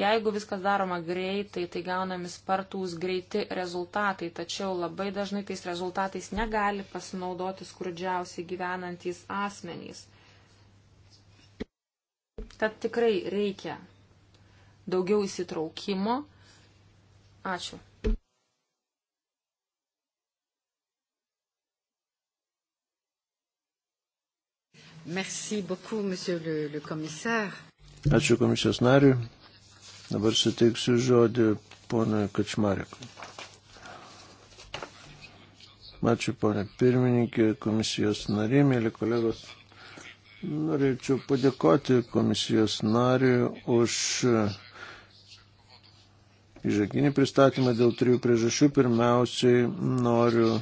Jeigu viskas daroma greitai, tai gaunami spartūs greiti rezultatai, tačiau labai dažnai tais rezultatais negali pasinaudoti skurdžiausiai gyvenantys asmenys. Tad tikrai reikia daugiau įsitraukimo. Ačiū. Merci beaucoup, monsieur le, le commissaire. Ačiū komisijos nariui. Dabar suteiksiu žodį ponui Kačmarekui. Ačiū ponė pirmininkė, komisijos nariai, mėly kolegos. Norėčiau padėkoti komisijos nariui už įžaginį pristatymą dėl trijų priežasčių. Pirmiausiai noriu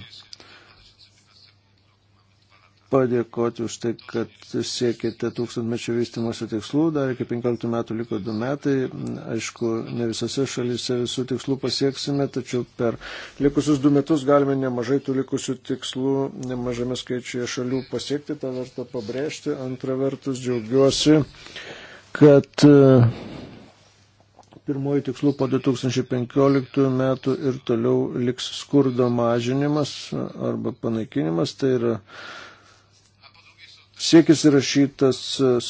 padėkoti už tai, kad siekite tūkstantmečio vystimosi tikslų. Dar iki 15 metų liko 2 metai. Aišku, ne visose šalyse visų tikslų pasieksime, tačiau per likusius 2 metus galime nemažai tų likusių tikslų nemažame skaičiuje šalių pasiekti. Ta verta pabrėžti. Antra vertus, džiaugiuosi, kad. Uh, Pirmoji tikslų po 2015 metų ir toliau liks skurdo mažinimas arba panaikinimas, tai yra siekis įrašytas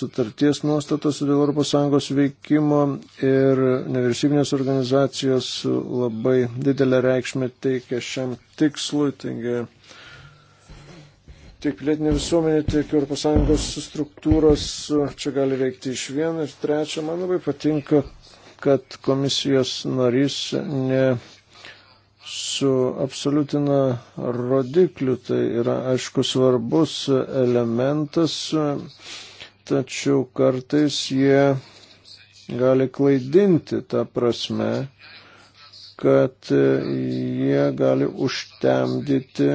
sutarties nuostatos dėl ES veikimo ir nevyriausybinės organizacijos labai didelę reikšmę teikia šiam tikslui. Taigi, tiek pilietinė visuomenė, tiek ES struktūros čia gali veikti iš vieną ir trečią. Man labai patinka kad komisijos narys ne su absoliutina rodikliu, tai yra aišku svarbus elementas, tačiau kartais jie gali klaidinti tą prasme, kad jie gali užtemdyti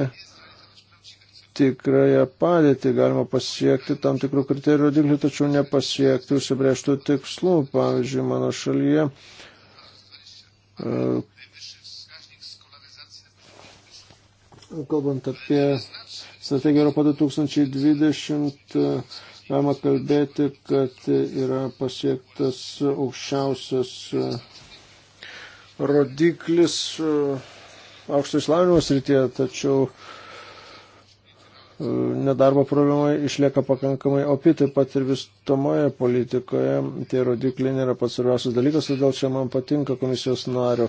tikrąją padėtį, galima pasiekti tam tikrų kriterijų rodiklių, tačiau nepasiekti užsibrėžtų tikslų. Pavyzdžiui, mano šalyje e, kalbant apie strategiją Europą 2020, e, galima kalbėti, kad yra pasiektas aukščiausias e, rodiklis aukšto išlavinimo srityje, tačiau uh, E, nedarbo problema išlieka pakankamai opi, taip pat ir vistomoje politikoje tie rodikliai nėra pats svarbiausias dalykas, todėl čia man patinka komisijos nario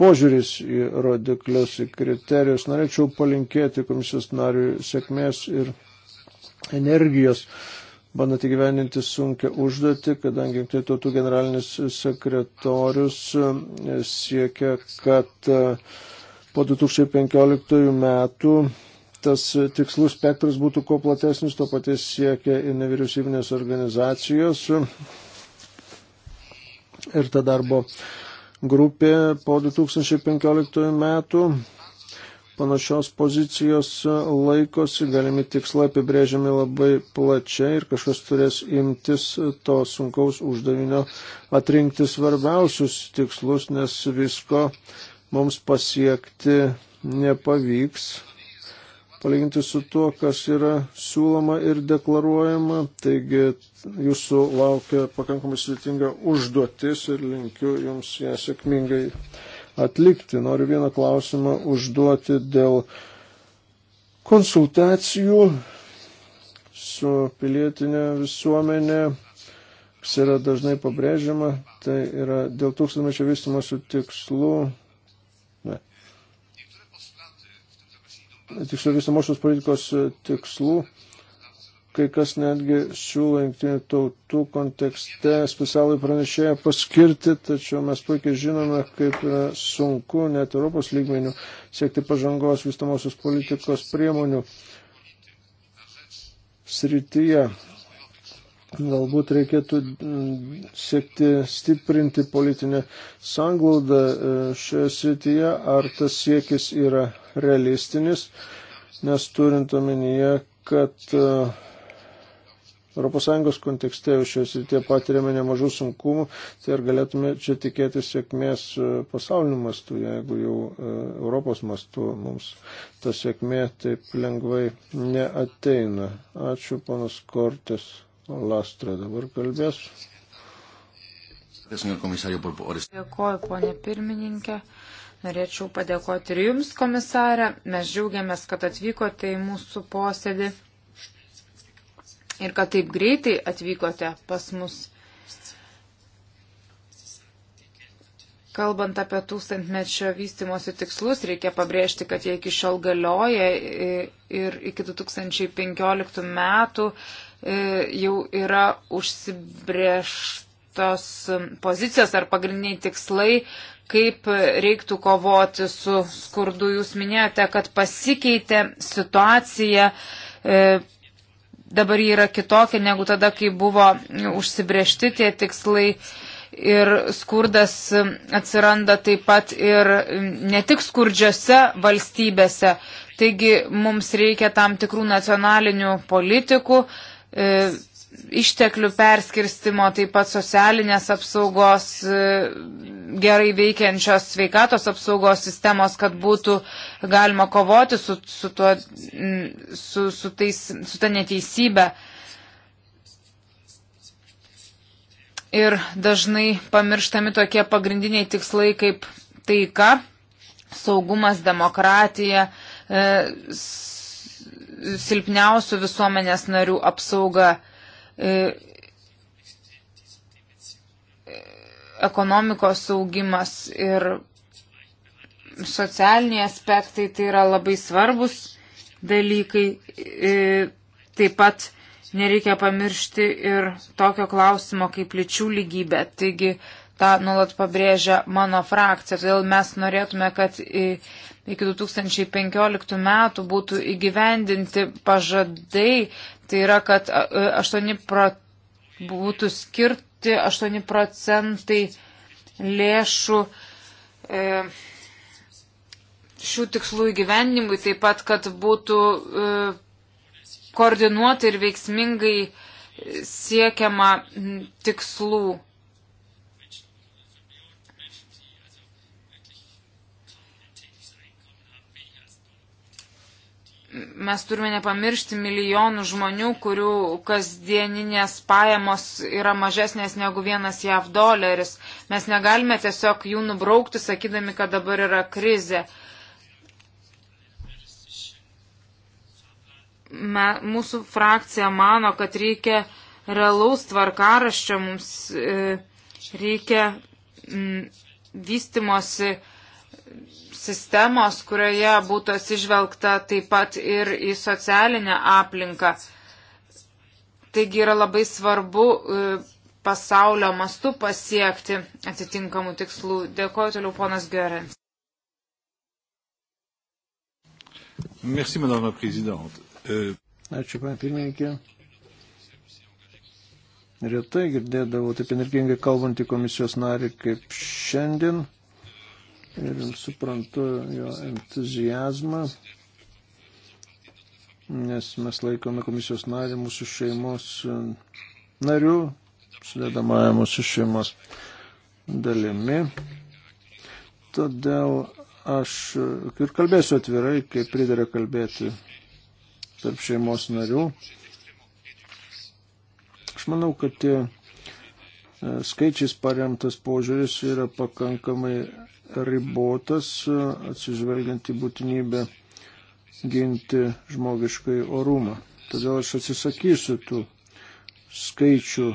požiūris į rodiklius, į kriterijus. Norėčiau palinkėti komisijos nariui sėkmės ir energijos bandant įgyveninti sunkę užduotį, kadangi Junktinių tautų generalinis sekretorius e, siekia, kad e, po 2015 metų tas tikslų spektras būtų kuo platesnis, to paties siekia ir nevyriausybinės organizacijos. Ir ta darbo grupė po 2015 metų panašios pozicijos laikosi, galimi tikslai apibrėžiami labai plačiai ir kažkas turės imtis to sunkaus uždavinio atrinkti svarbiausius tikslus, nes visko mums pasiekti nepavyks palyginti su tuo, kas yra siūloma ir deklaruojama. Taigi jūsų laukia pakankamai sudėtinga užduotis ir linkiu jums ją sėkmingai atlikti. Noriu vieną klausimą užduoti dėl konsultacijų su pilietinė visuomenė kas yra dažnai pabrėžiama, tai yra dėl tūkstantmečio vystimosi tikslų tiksliau visamosios politikos e, tikslų. Kai kas netgi siūlo jungtinių tautų kontekste specialai pranešėją paskirti, tačiau mes puikiai žinome, kaip yra sunku net Europos lygmenių siekti pažangos vistamosios politikos priemonių srityje. Galbūt reikėtų mm, siekti stiprinti politinę sanglaudą e, šioje srityje, ar tas siekis yra realistinis, nes turint omenyje, kad ES kontekste šioje srityje patiriame nemažų sunkumų, tai ar galėtume čia tikėtis sėkmės e, pasauliniu mastu, jeigu jau e, Europos mastu mums ta sėkmė taip lengvai neateina. Ačiū, panas Kortes. Lastra dabar kalbės. Dėkuoju, ponė pirmininkė. Norėčiau padėkoti ir Jums, komisarė. Mes džiaugiamės, kad atvykote į mūsų posėdį ir kad taip greitai atvykote pas mus. Kalbant apie tūkstantmečio vystimosi tikslus, reikia pabrėžti, kad jie iki šiol galioja ir iki 2015 metų E, jau yra užsibrieštos pozicijos ar pagrindiniai tikslai, kaip reiktų kovoti su skurdu. Jūs minėjote, kad pasikeitė situacija, e, dabar ji yra kitokia negu tada, kai buvo užsibriešti tie tikslai. Ir skurdas atsiranda taip pat ir ne tik skurdžiose valstybėse. Taigi mums reikia tam tikrų nacionalinių politikų, E, išteklių perskirstimo, taip pat socialinės apsaugos, e, gerai veikiančios sveikatos apsaugos sistemos, kad būtų galima kovoti su, su, tuo, su, su, tais, su ta neteisybė. Ir dažnai pamirštami tokie pagrindiniai tikslai kaip taika, saugumas, demokratija, e, silpniausių visuomenės narių apsauga, e, ekonomikos saugimas ir socialiniai aspektai tai yra labai svarbus dalykai. E, taip pat nereikia pamiršti ir tokio klausimo kaip lyčių lygybė. Taigi tą nuolat pabrėžia mano frakcija. Todėl mes norėtume, kad iki 2015 metų būtų įgyvendinti pažadai, tai yra, kad 8 e, pro, būtų skirti 8 procentai lėšų. E, šių tikslų įgyvendinimui, taip pat, kad būtų e, koordinuotai ir veiksmingai siekiama tikslų. mes turime nepamiršti milijonų žmonių, kurių kasdieninės pajamos yra mažesnės negu vienas JAV doleris. Mes negalime tiesiog jų nubraukti, sakydami, kad dabar yra krizė. Me, mūsų frakcija mano, kad reikia realaus tvarkaraščio, mums e, reikia m, vystimosi sistemos, kurioje būtų atsižvelgta taip pat ir į socialinę aplinką. Taigi yra labai svarbu e, pasaulio mastu pasiekti atitinkamų tikslų. Dėkuoju toliau, ponas Gerens. Merci, madame la présidente. Euh... Ačiū, pana pirmininkė. Retai girdėdavau taip energingai kalbantį komisijos narį kaip šiandien ir suprantu jo entuzijazmą, nes mes laikome komisijos narį mūsų šeimos e, narių, sudėdamąją mūsų šeimos dalimi. Todėl aš ir kalbėsiu atvirai, kaip pridarė kalbėti tarp šeimos narių. Aš manau, kad tie e, skaičiais paremtas požiūris yra pakankamai ribotas, atsižvelgiant į būtinybę ginti žmogiškai orumą. Todėl aš atsisakysiu tų skaičių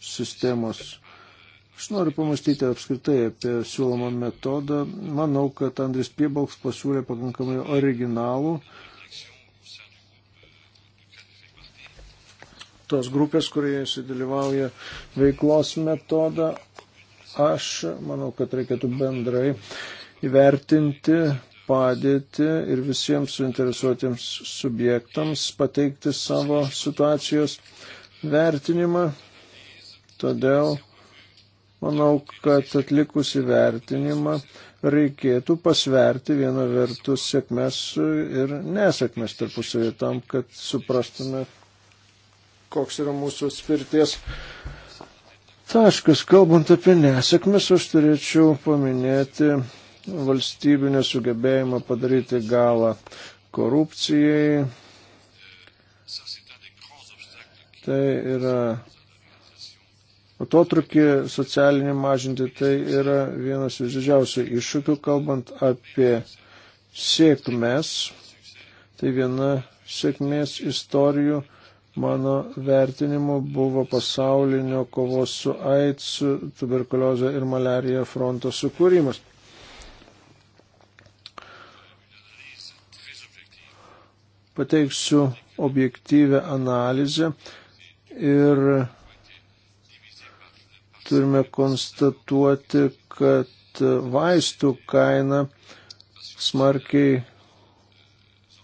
sistemos. Aš noriu pamastyti apskritai apie siūlomą metodą. Manau, kad Andris Piebalks pasiūlė pakankamai originalų tos grupės, kurioje įsidalyvauja veiklos metodą. Aš manau, kad reikėtų bendrai įvertinti padėti ir visiems suinteresuotiems subjektams pateikti savo situacijos vertinimą. Todėl manau, kad atlikus įvertinimą reikėtų pasverti vieną vertus sėkmes ir nesėkmes tarpusavį tam, kad suprastume, koks yra mūsų spirties taškas. Kalbant apie nesėkmes, aš turėčiau paminėti valstybinę sugebėjimą padaryti galą korupcijai. Tai yra atotrukį socialinį mažinti, tai yra vienas iš didžiausių iššūkių, kalbant apie sėkmes. Tai viena sėkmės istorijų mano vertinimu, buvo pasaulinio kovos su AIDS, tuberkuliozė ir malerija fronto sukūrimas. Pateiksiu objektyvę analizę ir turime konstatuoti, kad vaistų kaina smarkiai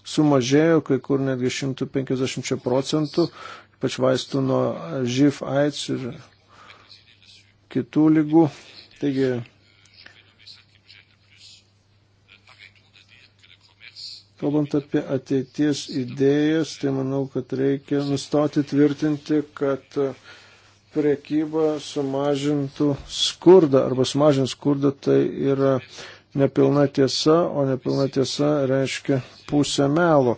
sumažėjo, kai kur netgi 150 procentų, ypač vaistų nuo živ, aids ir kitų lygų. Taigi, Kalbant apie ateities idėjas, tai manau, kad reikia nustoti tvirtinti, kad priekyba sumažintų skurdą arba sumažintų skurdą, tai yra uh, nepilna tiesa, o nepilna tiesa reiškia pusę melo.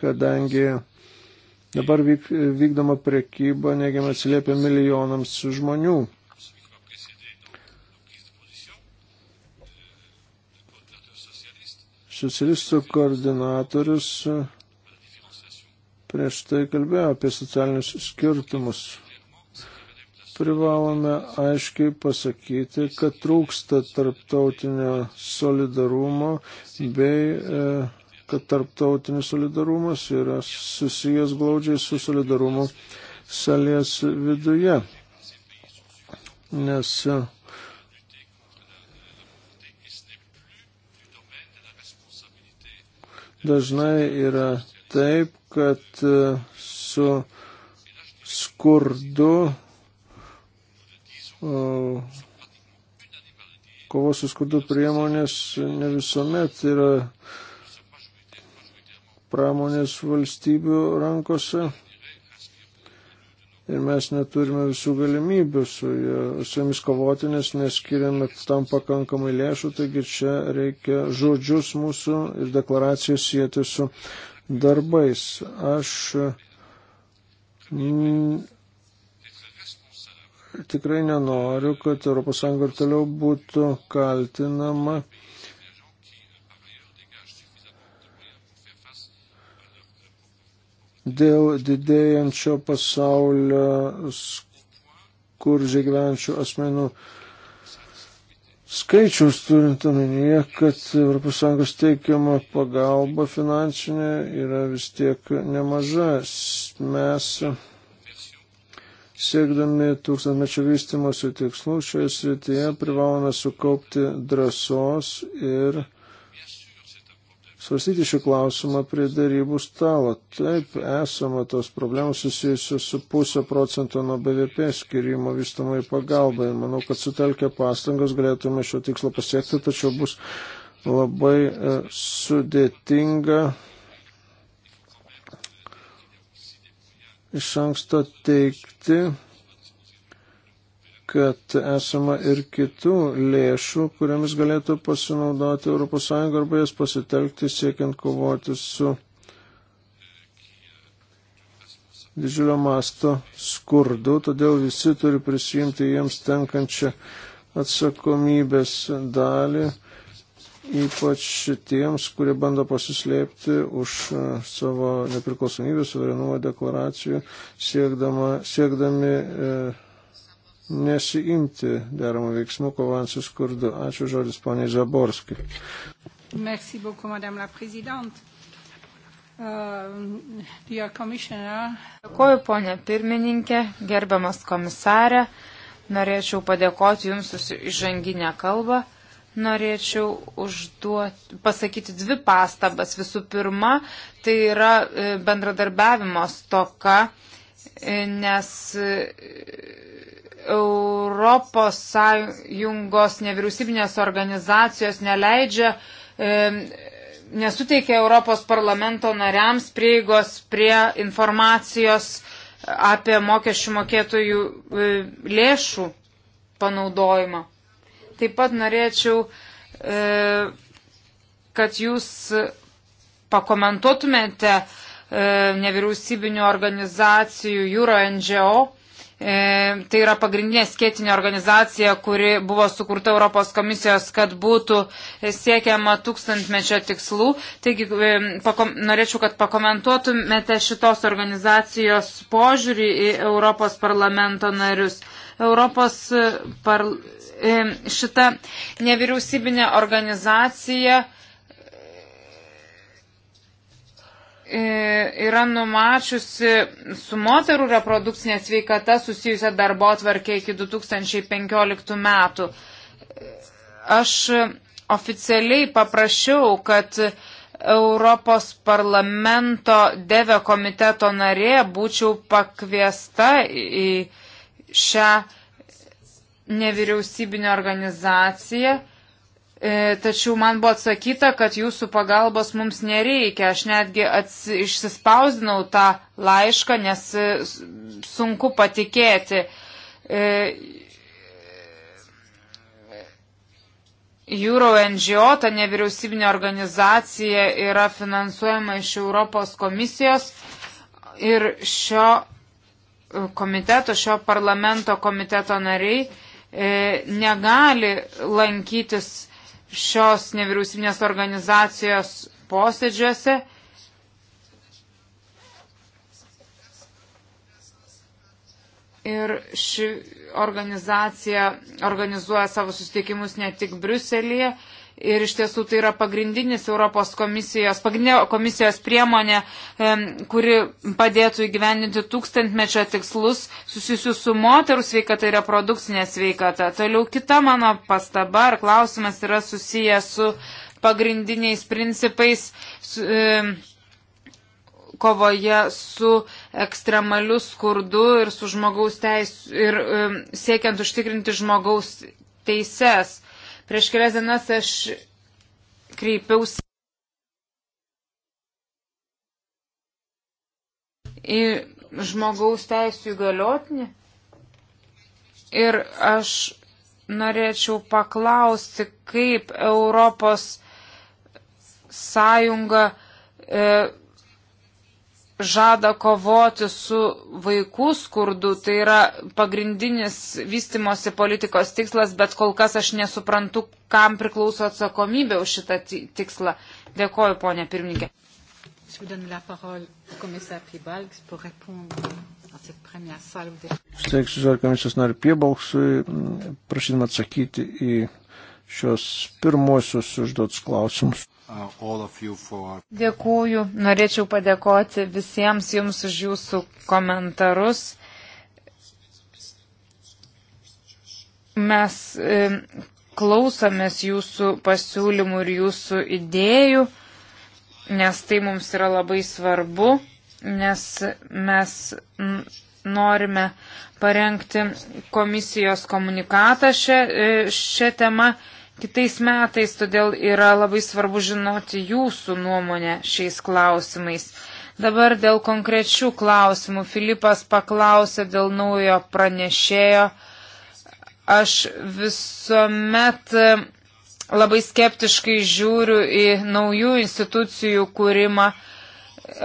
Kadangi dabar vyk, vykdoma prekyba neigiamai atsiliepia milijonams žmonių. socialistų koordinatorius prieš tai kalbėjo apie socialinius skirtumus privalome aiškiai pasakyti, kad trūksta tarptautinio solidarumo bei e, kad tarptautinis solidarumas yra susijęs glaudžiai su solidarumu salės viduje. Nes e, dažnai yra taip, kad e, su skurdu E, kovos su skurdu priemonės ne visuomet yra pramonės valstybių rankose ir mes neturime visų galimybių su, su jomis kovoti, nes neskiriame tam pakankamai lėšų, taigi čia reikia žodžius mūsų ir deklaracijas sieti su darbais. Aš tikrai nenoriu, kad ES ir toliau būtų kaltinama dėl didėjančio pasaulio skurdžiai gyvenčių asmenų skaičiaus, turint omenyje, kad ES teikiama pagalba finansinė yra vis tiek nemaža. Mes Siekdami tūkstantmečio vystimosi tikslų šioje srityje privalome sukaupti drąsos ir svarstyti šį klausimą prie darybų stalo. Taip, esama tos problemos susijusios su pusę procento nuo BVP skirimo vystomai pagalbai. Manau, kad sutelkę pastangas galėtume šio tikslo pasiekti, tačiau bus labai e, sudėtinga iš anksto teikti, kad esama ir kitų lėšų, kuriamis galėtų pasinaudoti ES arba jas pasitelkti siekiant kovoti su didžiulio masto skurdu, todėl visi turi prisijimti jiems tenkančią atsakomybės dalį ypač tiems, kurie bando pasislėpti už e, savo nepriklausomybės, suverenumo deklaracijų, siekdama, siekdami e, nesiimti deramų veiksmų kovant su skurdu. Ačiū žodis poniai Zaborskai. Merci beaucoup, madame la présidente. Euh, Dėkuoju, ponė pirmininkė, gerbiamas komisarė. Norėčiau padėkoti Jums už įžanginę kalbą norėčiau užduoti, pasakyti dvi pastabas. Visų pirma, tai yra e, bendradarbiavimo stoka, e, nes e, Europos Sąjungos nevyriausybinės organizacijos neleidžia, nesuteikia Europos parlamento nariams prieigos prie informacijos apie mokesčių mokėtojų lėšų panaudojimą taip pat norėčiau, e, kad jūs pakomentuotumėte e, nevyriausybinių organizacijų Euro NGO. E, tai yra pagrindinė skėtinė organizacija, kuri buvo sukurta Europos komisijos, kad būtų siekiama tūkstantmečio tikslų. Taigi pakom, norėčiau, kad pakomentuotumėte šitos organizacijos požiūrį į Europos parlamento narius. Europos e, par, e, šita nevyriausybinė organizacija e, yra numačiusi su moterų reprodukcinė sveikata susijusią darbo atvarkę iki 2015 metų. Aš oficialiai paprašiau, kad Europos parlamento devė komiteto narė būčiau pakviesta į, į šią nevyriausybinę organizaciją, e, tačiau man buvo atsakyta, kad jūsų pagalbos mums nereikia. Aš netgi atsi, išsispausdinau tą laišką, nes e, sunku patikėti. Euro NGO, ta nevyriausybinė organizacija, yra finansuojama iš Europos komisijos ir šio komiteto, šio parlamento komiteto nariai e, negali lankytis šios nevyriausybinės organizacijos posėdžiuose. Ir ši organizacija organizuoja savo susitikimus ne tik Briuselėje, Ir iš tiesų tai yra pagrindinis Europos komisijos, pagrindinė komisijos priemonė, kuri padėtų įgyvendinti tūkstantmečio tikslus susijusius su moterų sveikata ir reprodukcinė sveikata. Toliau kita mano pastaba ar klausimas yra susijęs su pagrindiniais principais. Su, e, kovoje su ekstremaliu skurdu ir su žmogaus teis ir um, siekiant užtikrinti žmogaus teises. Prieš kelias dienas aš kreipiausi į žmogaus teisų įgaliotinį ir aš norėčiau paklausti, kaip Europos sąjunga e, žada kovoti su vaikų skurdu, tai yra pagrindinis vystimosi politikos tikslas, bet kol kas aš nesuprantu, kam priklauso atsakomybė už šitą tikslą. Dėkoju, ponė pirmininkė. Steiksiu žodį komisijos nariu Piebalksui, prašydama atsakyti į šios pirmosius užduotus klausimus. Uh, Dėkuoju, norėčiau padėkoti visiems jums už jūsų komentarus. Mes e, klausomės jūsų pasiūlymų ir jūsų idėjų, nes tai mums yra labai svarbu, nes mes norime parengti komisijos komunikatą šią e, temą kitais metais, todėl yra labai svarbu žinoti jūsų nuomonę šiais klausimais. Dabar dėl konkrečių klausimų. Filipas paklausė dėl naujo pranešėjo. Aš visuomet e, labai skeptiškai žiūriu į naujų institucijų kūrimą.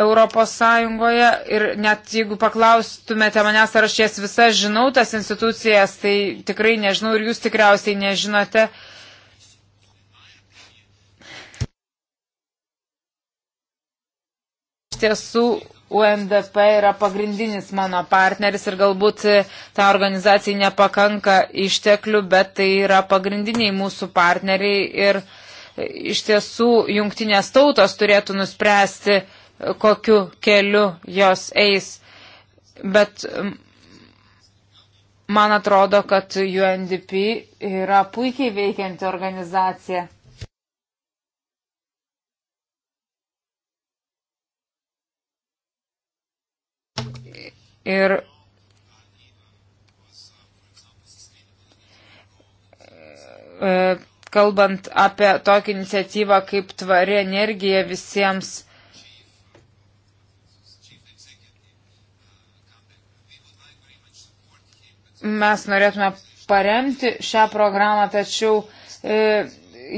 Europos Sąjungoje ir net jeigu paklaustumėte manęs, ar aš jas visas žinau, tas institucijas, tai tikrai nežinau ir jūs tikriausiai nežinote. Uh, tiesų UNDP yra pagrindinis mano partneris ir galbūt ta organizacija nepakanka išteklių, bet tai yra pagrindiniai mūsų partneriai ir iš tiesų jungtinės tautos turėtų nuspręsti, kokiu keliu jos eis. Bet man atrodo, kad UNDP yra puikiai veikianti organizacija. Ir e, kalbant apie tokią iniciatyvą kaip tvari energija visiems. Mes norėtume paremti šią programą, tačiau e,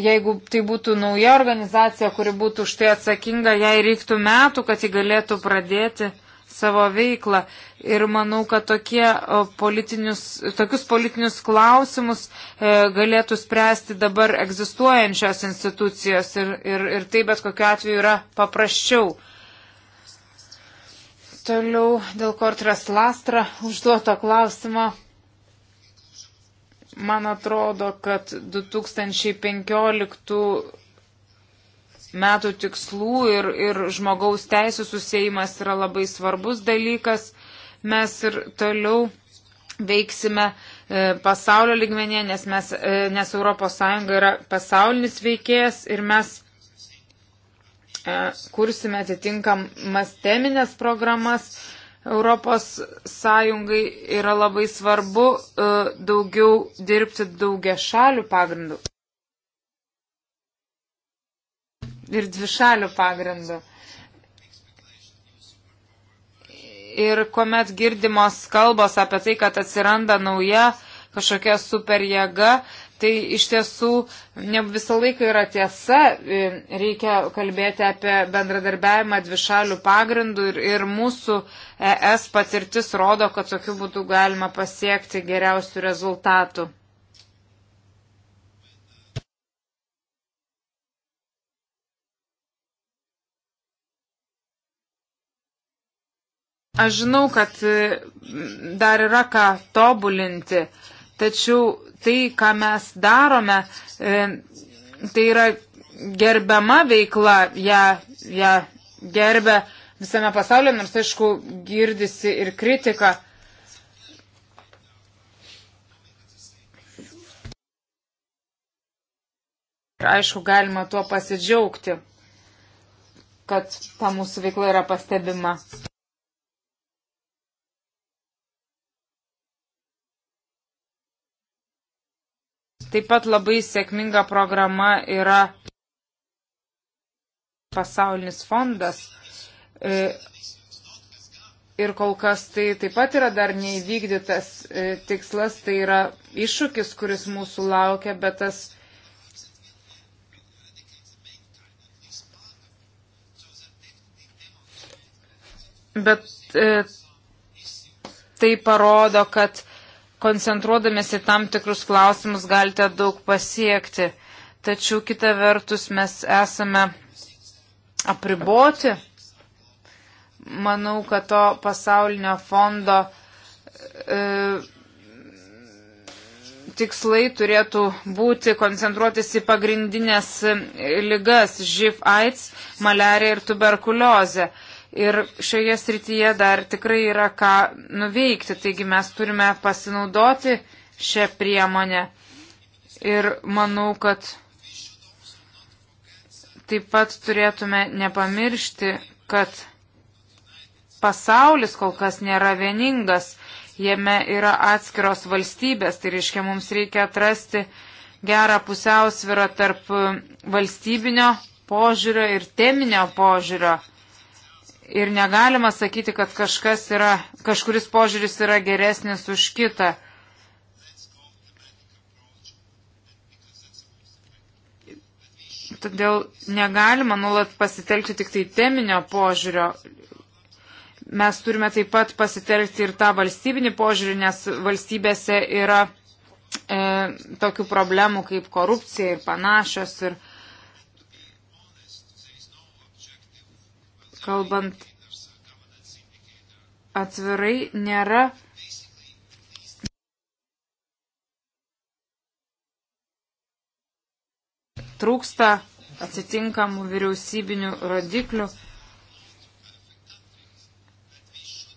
jeigu tai būtų nauja organizacija, kuri būtų už tai atsakinga, jai reiktų metų, kad ji galėtų pradėti savo veiklą. Ir manau, kad politinius, tokius politinius klausimus e, galėtų spręsti dabar egzistuojančios institucijos ir, ir, ir tai bet kokiu atveju yra paprasčiau. Toliau dėl Kortras Lastra užduoto klausimo. Man atrodo, kad 2015 metų tikslų ir, ir žmogaus teisų susėjimas yra labai svarbus dalykas. Mes ir toliau veiksime e, pasaulio ligmenė, nes, mes, e, nes ES yra pasaulinis veikėjas ir mes e, kursime atitinkamas teminės programas. Europos Sąjungai yra labai svarbu daugiau dirbti daugia šalių pagrindų. ir dvišalių pagrindų. Ir kuomet girdimos kalbos apie tai, kad atsiranda nauja kažkokia superjėga, tai iš tiesų ne visą laiką yra tiesa, reikia kalbėti apie bendradarbiavimą dvišalių pagrindų ir, ir mūsų ES patirtis rodo, kad tokiu būdu galima pasiekti geriausių rezultatų. Aš žinau, kad e, dar yra ką tobulinti, tačiau tai, ką mes darome, e, tai yra gerbiama veikla, ją, ją gerbia visame pasaulyje, nors aišku, girdisi ir kritika. Ir aišku, galima tuo pasidžiaugti, kad ta mūsų veikla yra pastebima. Taip pat labai sėkminga programa yra pasaulinis fondas. E, ir kol kas tai taip pat yra dar neįvykdytas e, tikslas, tai yra iššūkis, kuris mūsų laukia, bet tas Bet e, tai parodo, kad koncentruodamėsi tam tikrus klausimus galite daug pasiekti. Tačiau kita vertus mes esame apriboti. Manau, kad to pasaulinio fondo e, tikslai turėtų būti koncentruotis į pagrindinės lygas - živ, aids, malariją ir tuberkuliozę. E, Ir šioje srityje dar tikrai yra ką nuveikti, taigi mes turime pasinaudoti šią priemonę. Ir manau, kad taip pat turėtume nepamiršti, kad pasaulis kol kas nėra vieningas, jame yra atskiros valstybės, tai reiškia mums reikia atrasti gerą pusiausvyrą tarp valstybinio požiūrio ir teminio požiūrio ir negalima sakyti, kad kažkas yra, kažkuris požiūris yra geresnis už kitą. Todėl negalima nulat pasitelkti tik tai teminio požiūrio. Mes turime taip pat pasitelkti ir tą valstybinį požiūrį, nes valstybėse yra e, tokių problemų kaip korupcija ir panašios. Ir, e, kalbant atvirai, nėra. Trūksta atitinkamų vyriausybinių rodiklių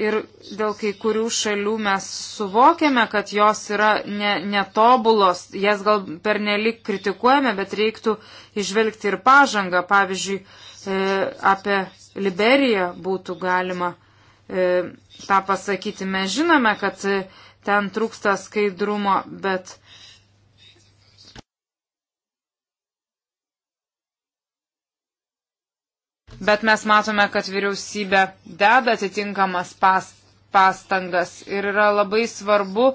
ir dėl kai kurių šalių mes suvokiame, kad jos yra ne, netobulos, jas gal pernelik kritikuojame, bet reiktų išvelgti ir pažangą. Pavyzdžiui, e, apie Liberiją būtų galima e, tą pasakyti. Mes žinome, kad e, ten trūksta skaidrumo, bet. Bet mes matome, kad vyriausybė deda atitinkamas pas, pastangas ir yra labai svarbu,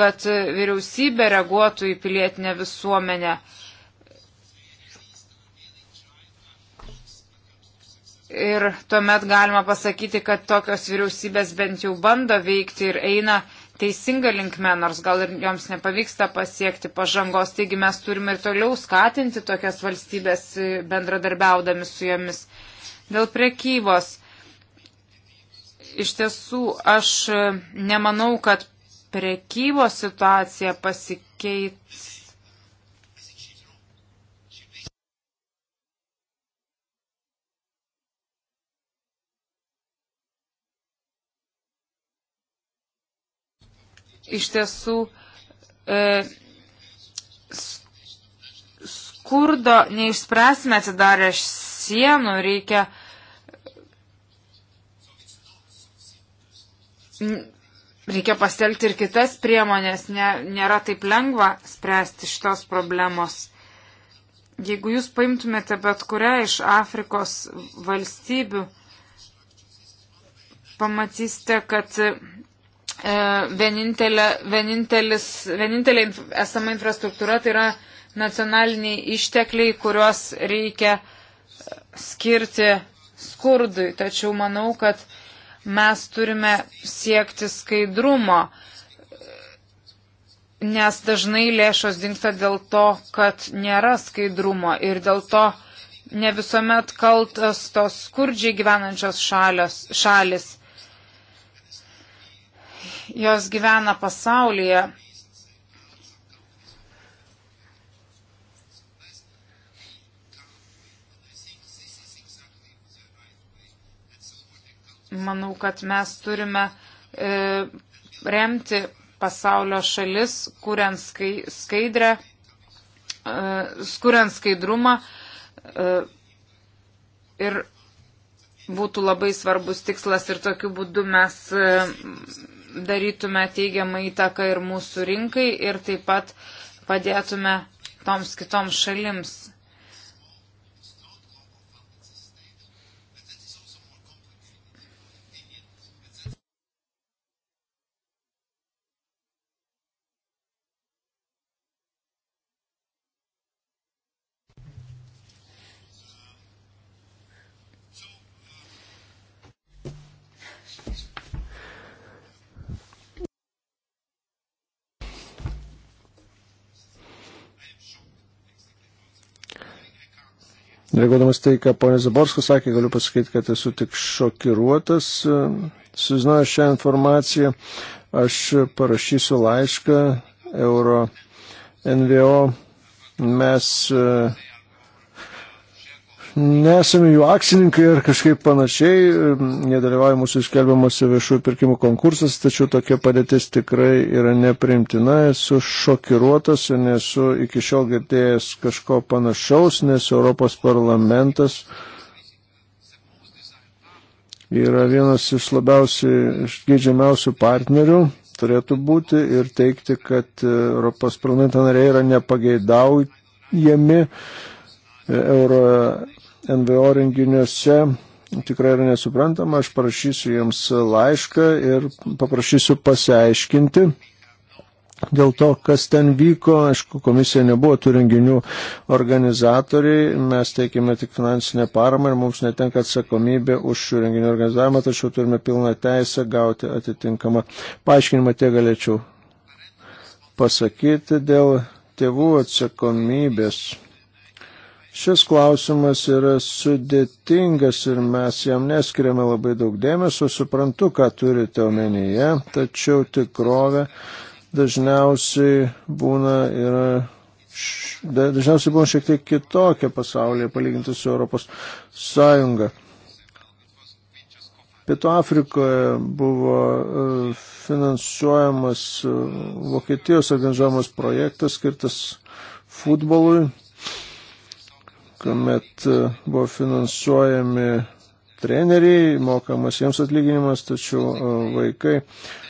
kad e, vyriausybė reaguotų į pilietinę visuomenę. E, Ir tuomet galima pasakyti, kad tokios vyriausybės bent jau bando veikti ir eina teisinga linkme, nors gal ir joms nepavyksta pasiekti pažangos. Taigi mes turime ir toliau skatinti tokias valstybės e, bendradarbiaudami su jomis. Dėl prekybos. Iš tiesų, aš e, nemanau, kad prekybos situacija pasikeis iš tiesų e, skurdo neišspręsime atsidarę sienų, reikia reikia pastelti ir kitas priemonės, ne, nėra taip lengva spręsti šitos problemos. Jeigu jūs paimtumėte bet kurią iš Afrikos valstybių, pamatysite, kad E, vienintelė, vienintelis, vienintelė esama infrastruktūra tai yra nacionaliniai ištekliai, kuriuos reikia skirti skurdui. Tačiau manau, kad mes turime siekti skaidrumo, nes dažnai lėšos dinksta dėl to, kad nėra skaidrumo ir dėl to ne visuomet kaltas tos skurdžiai gyvenančios šalios, šalis jos gyvena pasaulyje. Manau, kad mes turime e, remti pasaulio šalis, kuriant skaidrę, e, skuriant skaidrumą e, ir būtų labai svarbus tikslas ir tokiu būdu mes e, darytume teigiamą įtaką ir mūsų rinkai ir taip pat padėtume toms kitoms šalims. Reaguodamas tai, ką ponė Zaborskas sakė, galiu pasakyti, kad esu tik šokiruotas. E, sužinojęs šią informaciją, aš parašysiu laišką Euro NVO. Mes e, nesame jų akcininkai ir kažkaip panašiai, nedalyvauja mūsų skelbiamuose viešųjų pirkimų konkursuose, tačiau tokia padėtis tikrai yra neprimtina, esu šokiruotas ir nesu iki šiol girdėjęs kažko panašaus, nes Europos parlamentas yra vienas iš labiausiai išgeidžiamiausių partnerių turėtų būti ir teikti, kad Europos parlamento nariai yra nepageidaujami euro NVO renginiuose tikrai yra nesuprantama, aš parašysiu jiems laišką ir paprašysiu pasiaiškinti. Dėl to, kas ten vyko, aišku, komisija nebuvo tų renginių organizatoriai, mes teikime tik finansinę paramą ir mums netenka atsakomybė už šių renginių organizavimą, tačiau turime pilną teisę gauti atitinkamą paaiškinimą, tie galėčiau pasakyti dėl tėvų atsakomybės Šis klausimas yra sudėtingas ir mes jam neskiriame labai daug dėmesio, suprantu, ką turite omenyje, tačiau tikrovė dažniausiai būna yra. Dažniausiai buvo šiek tiek kitokia pasaulyje palyginti su Europos Sąjunga. Pietų Afrikoje buvo e, finansuojamas e, Vokietijos organizuojamas projektas skirtas futbolui kuomet e, buvo finansuojami treneriai, mokamas jiems atlyginimas, tačiau e, vaikai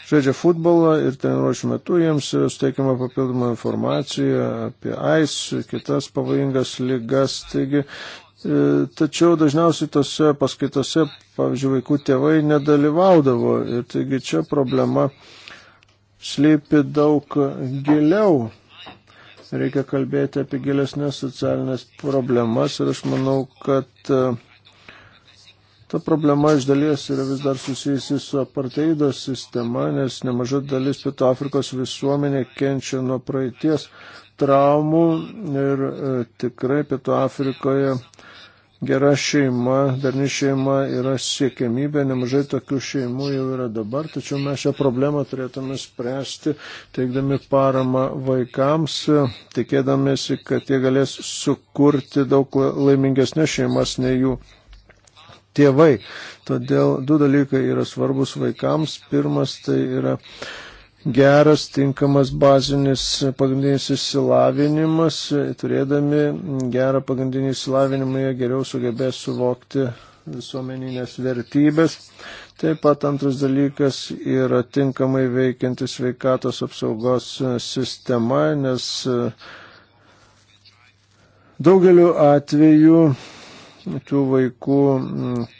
žaidžia futbolą ir treniruočių metu jiems e, suteikiama papildoma informacija apie AIS, kitas pavojingas lygas. Taigi, tačiau dažniausiai tose paskaitose, pavyzdžiui, vaikų tėvai nedalyvaudavo ir taigi čia problema slypi daug giliau reikia kalbėti apie gilesnės socialinės problemas ir aš manau, kad e, ta problema iš dalies yra vis dar susijusi su aparteido sistema, nes nemaža dalis Pietų Afrikos visuomenė kenčia nuo praeities traumų ir e, tikrai Pietų Afrikoje gera šeima, darni šeima yra siekiamybė, nemažai tokių šeimų jau yra dabar, tačiau mes šią problemą turėtume spręsti, teikdami paramą vaikams, tikėdamėsi, kad jie galės sukurti daug laimingesnės šeimas nei jų. Tėvai. Todėl du dalykai yra svarbus vaikams. Pirmas tai yra uh, geras, tinkamas bazinis pagrindinis išsilavinimas, turėdami gerą pagrindinį išsilavinimą jie geriau sugebės suvokti visuomeninės vertybės. Taip pat antras dalykas yra tinkamai veikianti sveikatos apsaugos sistema, nes daugeliu atveju tų vaikų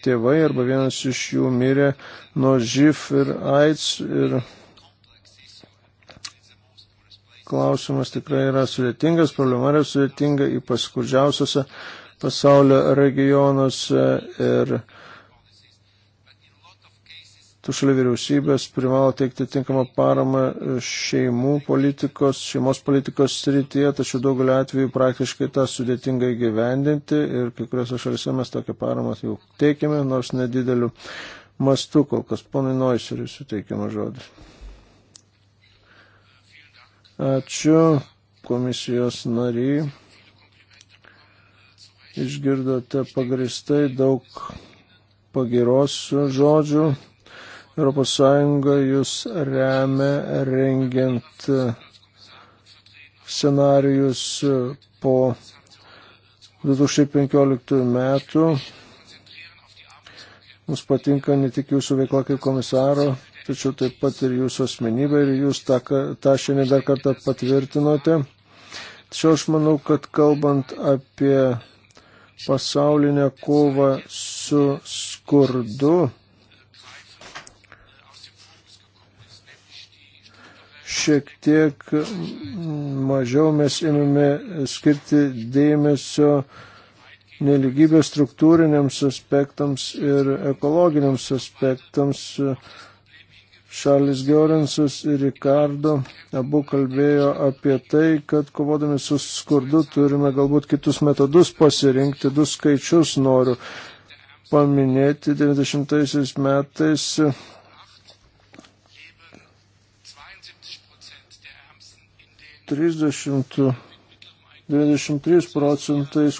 tėvai arba vienas iš jų mirė nuo živ ir aids ir klausimas tikrai yra sudėtingas, problema yra sudėtinga, ypač skurdžiausiose pasaulio regionuose ir tų šalių vyriausybės privalo teikti tinkamą paramą šeimų politikos, šeimos politikos srityje, tačiau daugelio atveju praktiškai tą sudėtinga įgyvendinti ir kai kuriuose šalise mes tokią paramą jau teikiame, nors nedideliu mastu, kol kas ponai Noiseriui suteikiama žodis. Ačiū komisijos nariai. Išgirdote pagristai daug pagiros žodžių. ES jūs remia rengiant scenarius po 2015 metų. Mums patinka ne tik jūsų veikla kaip komisaro, tačiau taip pat ir jūsų asmenybė ir jūs tą, tą šiandien dar kartą patvirtinote. Tačiau aš manau, kad kalbant apie pasaulinę kovą su skurdu, šiek tiek mažiau mes ėmėme skirti dėmesio neligybės struktūriniams aspektams ir ekologiniams aspektams. Uh, Šarlis Giorensas ir Rikardo abu kalbėjo apie tai, kad kovodami su skurdu turime galbūt kitus metodus pasirinkti. Du skaičius noriu paminėti. 90 metais Trisdešimt, 93 procentais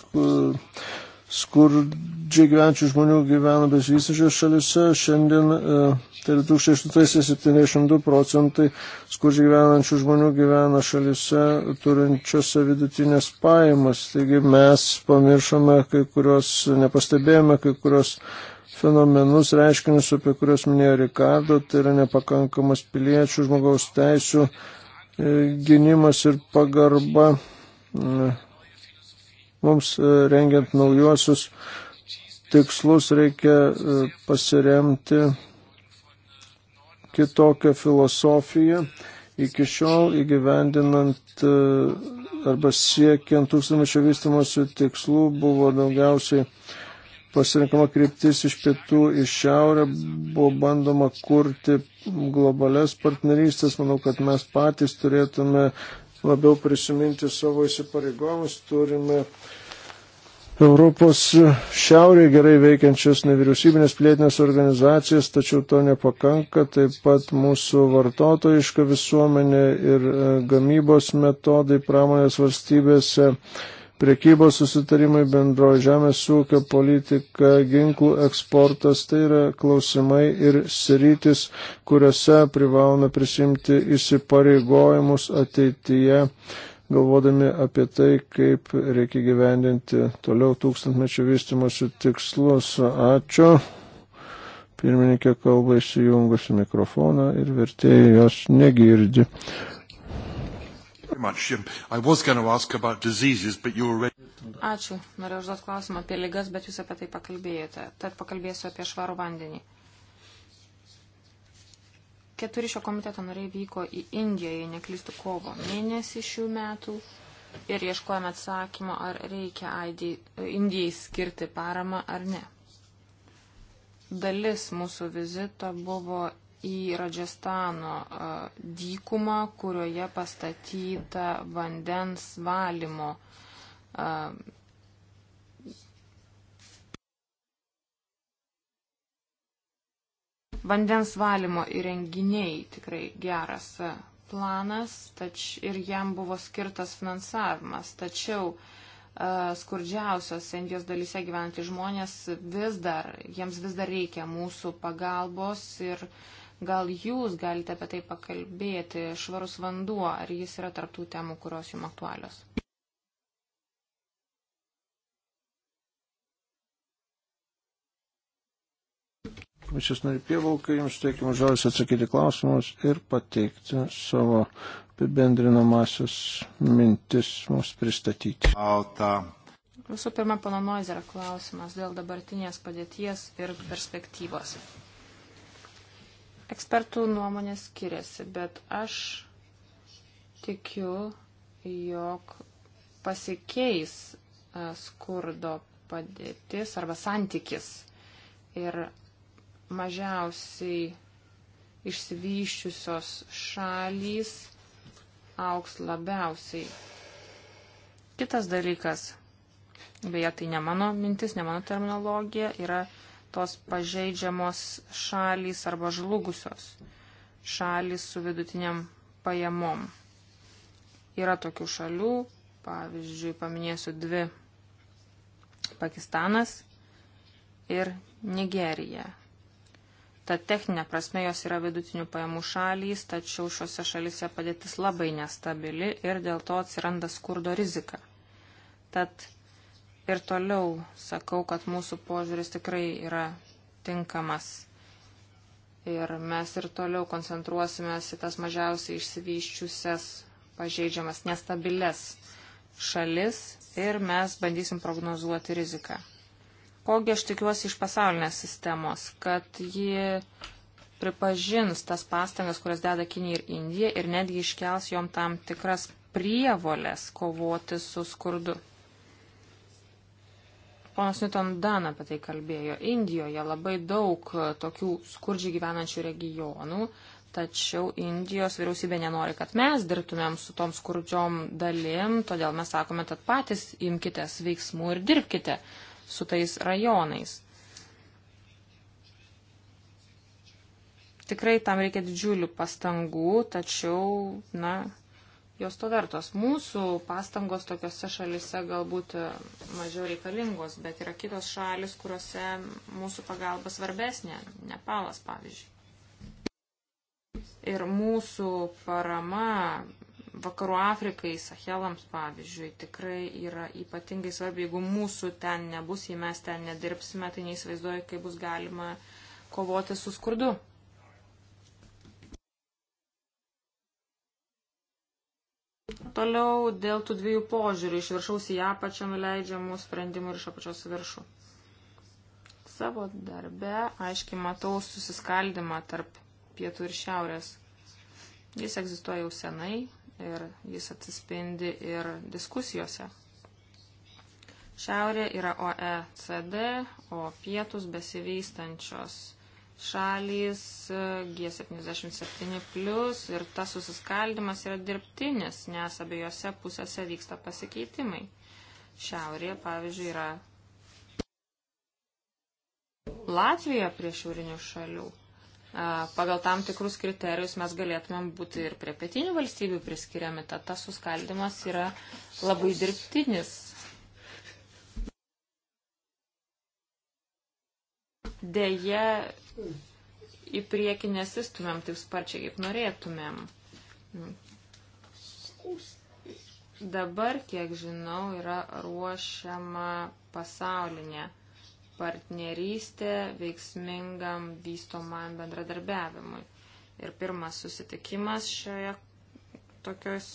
skurdžiai gyvenčių žmonių gyvena besivystančiose šalise, šiandien uh, Tai 2008-72 procentai skurdžiai gyvenančių žmonių gyvena šalise turinčiose vidutinės pajamas. Taigi mes pamiršome kai kurios, nepastebėjome kai kurios fenomenus, reiškinius, apie kuriuos minėjo Rikardo, tai yra nepakankamas piliečių žmogaus teisų e, gynimas ir pagarba e, mums e, rengiant naujuosius tikslus reikia pasiremti kitokią filosofiją. Iki šiol įgyvendinant e, arba siekiant tūkstančio vystimosi tikslų buvo daugiausiai pasirinkama kryptis iš pietų į šiaurę, buvo bandoma kurti globales partnerystės. Manau, kad mes patys turėtume labiau prisiminti savo įsipareigojimus, turime uh, Europos šiaurėje gerai veikiančias nevyriausybinės plėtinės organizacijas, tačiau to nepakanka, taip pat mūsų vartotojiška visuomenė ir e, gamybos metodai pramonės valstybėse, priekybos susitarimai, bendroji žemės ūkio politika, ginklų eksportas, tai yra klausimai ir sritis, kuriuose privalome prisimti įsipareigojimus ateityje galvodami apie tai, kaip reikia gyvendinti toliau tūkstantmečio vystimosi tikslus. Ačiū. Pirmininkė kalba įsijungusi mikrofoną ir vertėjai jos negirdi. Ačiū. Norėjau užduoti klausimą apie lygas, bet jūs apie tai pakalbėjote. Tad pakalbėsiu apie švarų vandenį. Keturi šio komiteto nariai vyko į Indiją, jei neklystu, kovo mėnesį šių metų ir ieškojame atsakymo, ar reikia ID, Indijai skirti paramą ar ne. Dalis mūsų vizito buvo į Radžestano dykumą, kurioje pastatyta vandens valymo Vandens valymo įrenginiai tikrai geras e, planas tač, ir jam buvo skirtas finansavimas. Tačiau e, skurdžiausios Indijos dalyse gyventi žmonės vis dar, jiems vis dar reikia mūsų pagalbos ir gal jūs galite apie tai pakalbėti, švarus vanduo, ar jis yra tarptų temų, kurios jums aktualios. komisijos nariai Pievalkai, jums teikiamas žodis atsakyti klausimus ir pateikti savo apibendrinamasios mintis mums pristatyti. Alta. Visų pirma, pana Noizerio klausimas dėl dabartinės padėties ir perspektyvos. Ekspertų nuomonės skiriasi, bet aš tikiu, jog pasikeis e, skurdo padėtis arba santykis. Ir mažiausiai išsivyščiusios šalys auks labiausiai. Kitas dalykas, beje, tai ne mano mintis, ne mano terminologija, yra tos pažeidžiamos šalys arba žlugusios šalys su vidutiniam pajamom. Yra tokių šalių, pavyzdžiui, paminėsiu dvi - Pakistanas ir Nigerija. Ta techninė prasme jos yra vidutinių pajamų šalys, tačiau šiuose šalise padėtis labai nestabili ir dėl to atsiranda skurdo rizika. Tad ir toliau sakau, kad mūsų požiūris tikrai yra tinkamas. Ir mes ir toliau koncentruosimės į tas mažiausiai išsivyščiusias, pažeidžiamas, nestabilias šalis ir mes bandysim prognozuoti riziką. Kogi aš tikiuosi iš pasaulinės sistemos, kad ji pripažins tas pastangas, kurias deda Kinija ir Indija ir netgi iškels jom tam tikras prievolės kovoti su skurdu. Ponas Newton Dan apie tai kalbėjo. Indijoje labai daug tokių skurdžiai gyvenančių regionų, tačiau Indijos vyriausybė nenori, kad mes dirbtumėm su tom skurdžiom dalim, todėl mes sakome, kad patys imkitės veiksmų ir dirbkite. Uh, su tais rajonais. Tikrai tam reikia didžiulių pastangų, tačiau, na, jos to vertos. Mūsų pastangos tokiuose šalise galbūt e, mažiau reikalingos, bet yra kitos šalis, kuriuose mūsų pagalba svarbesnė, Nepalas pavyzdžiui. Ir mūsų parama Vakarų Afrikai, Sahelams pavyzdžiui, tikrai yra ypatingai svarbi. Jeigu mūsų ten nebus, jei mes ten nedirbsime, tai neįsivaizduoju, kaip bus galima kovoti su skurdu. Toliau dėl tų dviejų požiūrių, iš viršaus į apačią nuleidžiamų sprendimų ir iš apačios viršų. Savo darbe aiškiai matau susiskaldimą tarp pietų ir šiaurės. Jis egzistuoja jau senai, ir jis atsispindi ir diskusijose. Šiaurė yra OECD, o pietus besivystančios šalys G77 plus ir tas susiskaldimas yra dirbtinis, nes abiejose pusėse vyksta pasikeitimai. Šiaurėje, pavyzdžiui, yra Latvija prie šiaurinių šalių pagal tam tikrus kriterijus mes galėtumėm būti ir prie pietinių valstybių priskiriami, tad tas suskaldimas yra labai dirbtinis. Deja, į priekį nesistumėm taip sparčiai, kaip norėtumėm. Dabar, kiek žinau, yra ruošiama pasaulinė partnerystė veiksmingam vystomam bendradarbiavimui. Ir pirmas susitikimas šioje tokios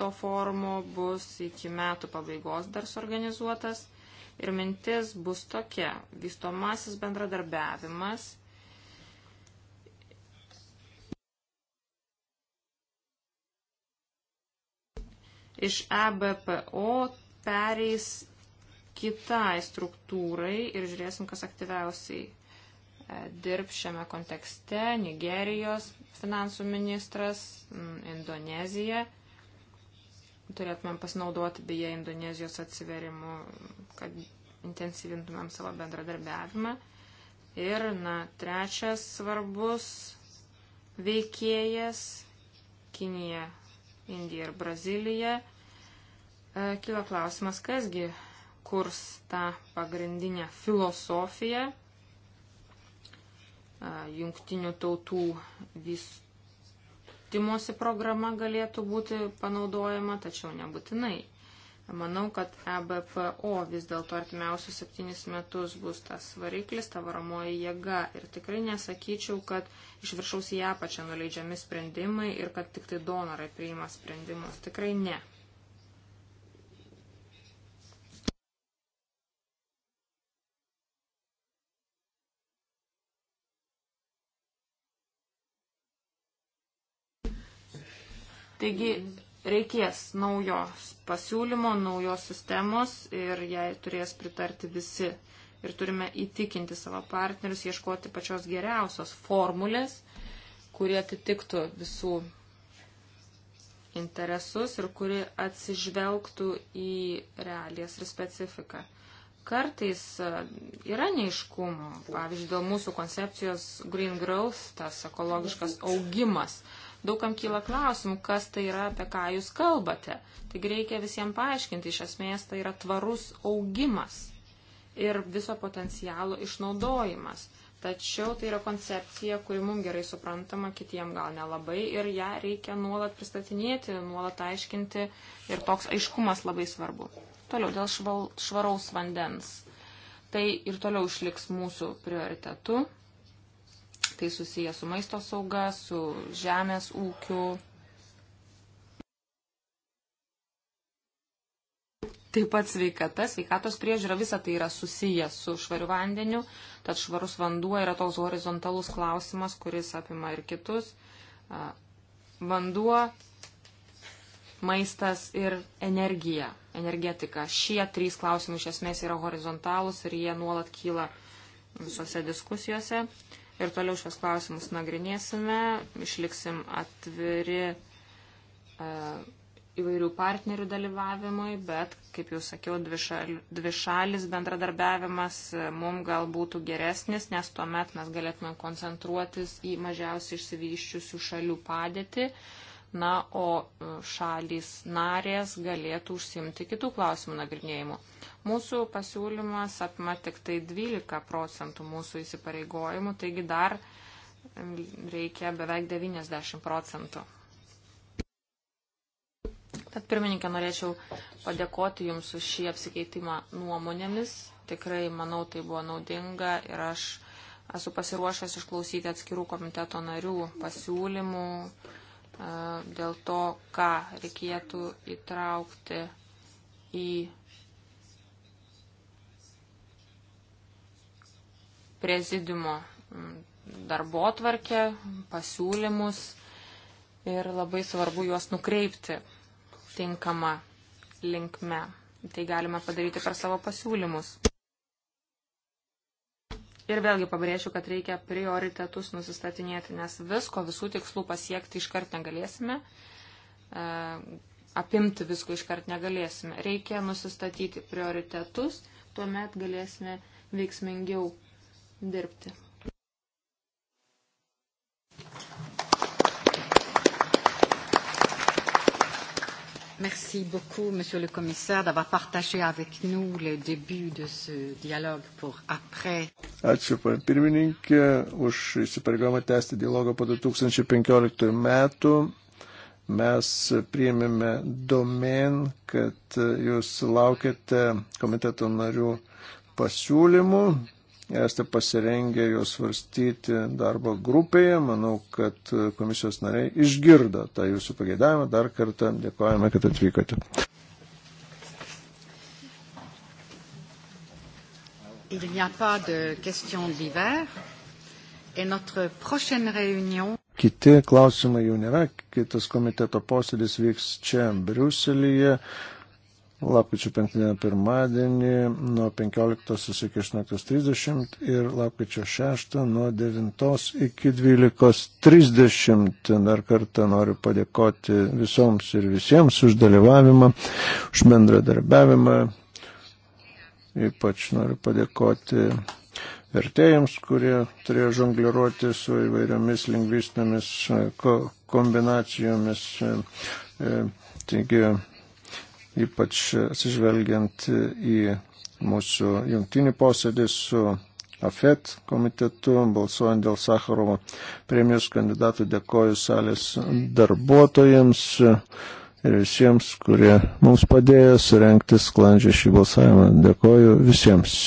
to forumo bus iki metų pabaigos dar suorganizuotas. Ir mintis bus tokia - vystomasis bendradarbiavimas. Iš EBPO pereis kitai struktūrai ir žiūrėsim, kas aktyviausiai e, dirb šiame kontekste. Nigerijos finansų ministras, Indonezija. Turėtumėm pasinaudoti beje Indonezijos atsiverimu, kad intensyvintumėm savo bendradarbiavimą. Ir, na, trečias svarbus veikėjas - Kinija, Indija ir Brazilija. E, Kilo klausimas, kasgi kurs tą pagrindinę filosofiją jungtinių tautų vystimosi programa galėtų būti panaudojama, tačiau nebūtinai. Manau, kad EBPO vis dėlto artimiausius septynis metus bus tas variklis, ta varomoji jėga. Ir tikrai nesakyčiau, kad iš viršaus į apačią nuleidžiami sprendimai ir kad tik tai donorai priima sprendimus. Tikrai ne. Taigi reikės naujos pasiūlymo, naujos sistemos ir jai turės pritarti visi. Ir turime įtikinti savo partnerius, ieškoti pačios geriausios formulės, kurie atitiktų visų interesus ir kuri atsižvelgtų į realijas ir specifiką. Kartais e, yra neiškumų, pavyzdžiui, dėl mūsų koncepcijos Green Growth, tas ekologiškas augimas. Uh, daugam kyla klausimų, kas tai yra, apie ką jūs kalbate. Taigi reikia visiems paaiškinti, iš esmės tai yra tvarus augimas ir viso potencialo išnaudojimas. Tačiau tai yra koncepcija, kuri mums gerai suprantama, kitiem gal nelabai ir ją reikia nuolat pristatinėti, nuolat aiškinti ir toks aiškumas labai svarbu. Toliau dėl šval, švaraus vandens. Tai ir toliau išliks mūsų prioritetu. Tai susiję su maisto sauga, su žemės ūkiu. Taip pat sveikata, sveikatos priežiūra, visa tai yra susiję su švariu vandeniu, tad švarus vanduo yra toks horizontalus klausimas, kuris apima ir kitus. Vanduo, maistas ir energija, energetika. Šie trys klausimai iš esmės yra horizontalūs ir jie nuolat kyla visose diskusijose ir toliau šios klausimus nagrinėsime, išliksim atviri e, įvairių partnerių dalyvavimui, bet, kaip jau sakiau, dvišalis dvi bendradarbiavimas e, mums gal būtų geresnis, nes tuomet mes galėtume koncentruotis į mažiausiai išsivyščiusių šalių padėtį na, o e, šalys narės galėtų užsimti kitų klausimų nagrinėjimu. Mūsų pasiūlymas apima tik tai 12 procentų mūsų įsipareigojimų, taigi dar reikia beveik 90 procentų. Tad pirmininkė, norėčiau padėkoti Jums už šį apsikeitimą nuomonėmis. Tikrai, manau, tai buvo naudinga ir aš esu pasiruošęs išklausyti atskirų komiteto narių pasiūlymų dėl to, ką reikėtų įtraukti į prezidimo darbo tvarkę, pasiūlymus ir labai svarbu juos nukreipti tinkamą linkme. Tai galima padaryti per savo pasiūlymus. Ir vėlgi pabrėšiu, kad reikia prioritetus nusistatinėti, nes visko, visų tikslų pasiekti iškart negalėsime, e, apimti visko iškart negalėsime. Reikia nusistatyti prioritetus, tuomet galėsime veiksmingiau dirbti. Merci beaucoup, Monsieur le Commissaire, d'avoir partagé avec nous le début de ce dialogue pour après. Ačiū, pan pirmininkė, už įsipareigojimą tęsti dialogą po 2015 metų. Mes priėmėme domen, kad jūs laukiate komiteto narių pasiūlymų. Esate pasirengę juos svarstyti darbo grupėje. Manau, kad komisijos nariai išgirdo tą jūsų pageidavimą. Dar kartą dėkojame, kad atvykote. Il n'y a pas de questions d'hiver. Et notre prochaine réunion. Kiti klausimai jau nėra, kitas komiteto posėdis vyks čia, Briuselyje, lapkričio 5 pirmadienį nuo 15 iki 18.30 ir lapkričio 6 nuo 9 iki 12.30. Dar kartą noriu padėkoti visoms ir visiems už dalyvavimą, už bendradarbiavimą. Ypač noriu padėkoti vertėjams, kurie turėjo žongliruoti su įvairiomis lingvistinėmis e, kombinacijomis. E, e, taigi, ypač atsižvelgiant į mūsų jungtinį posėdį su AFET komitetu, balsuojant dėl Sakarovo premijos kandidatų, dėkoju salės darbuotojams ir visiems, kurie mums padėjo surenkti sklandžią šį balsavimą. Dėkoju visiems.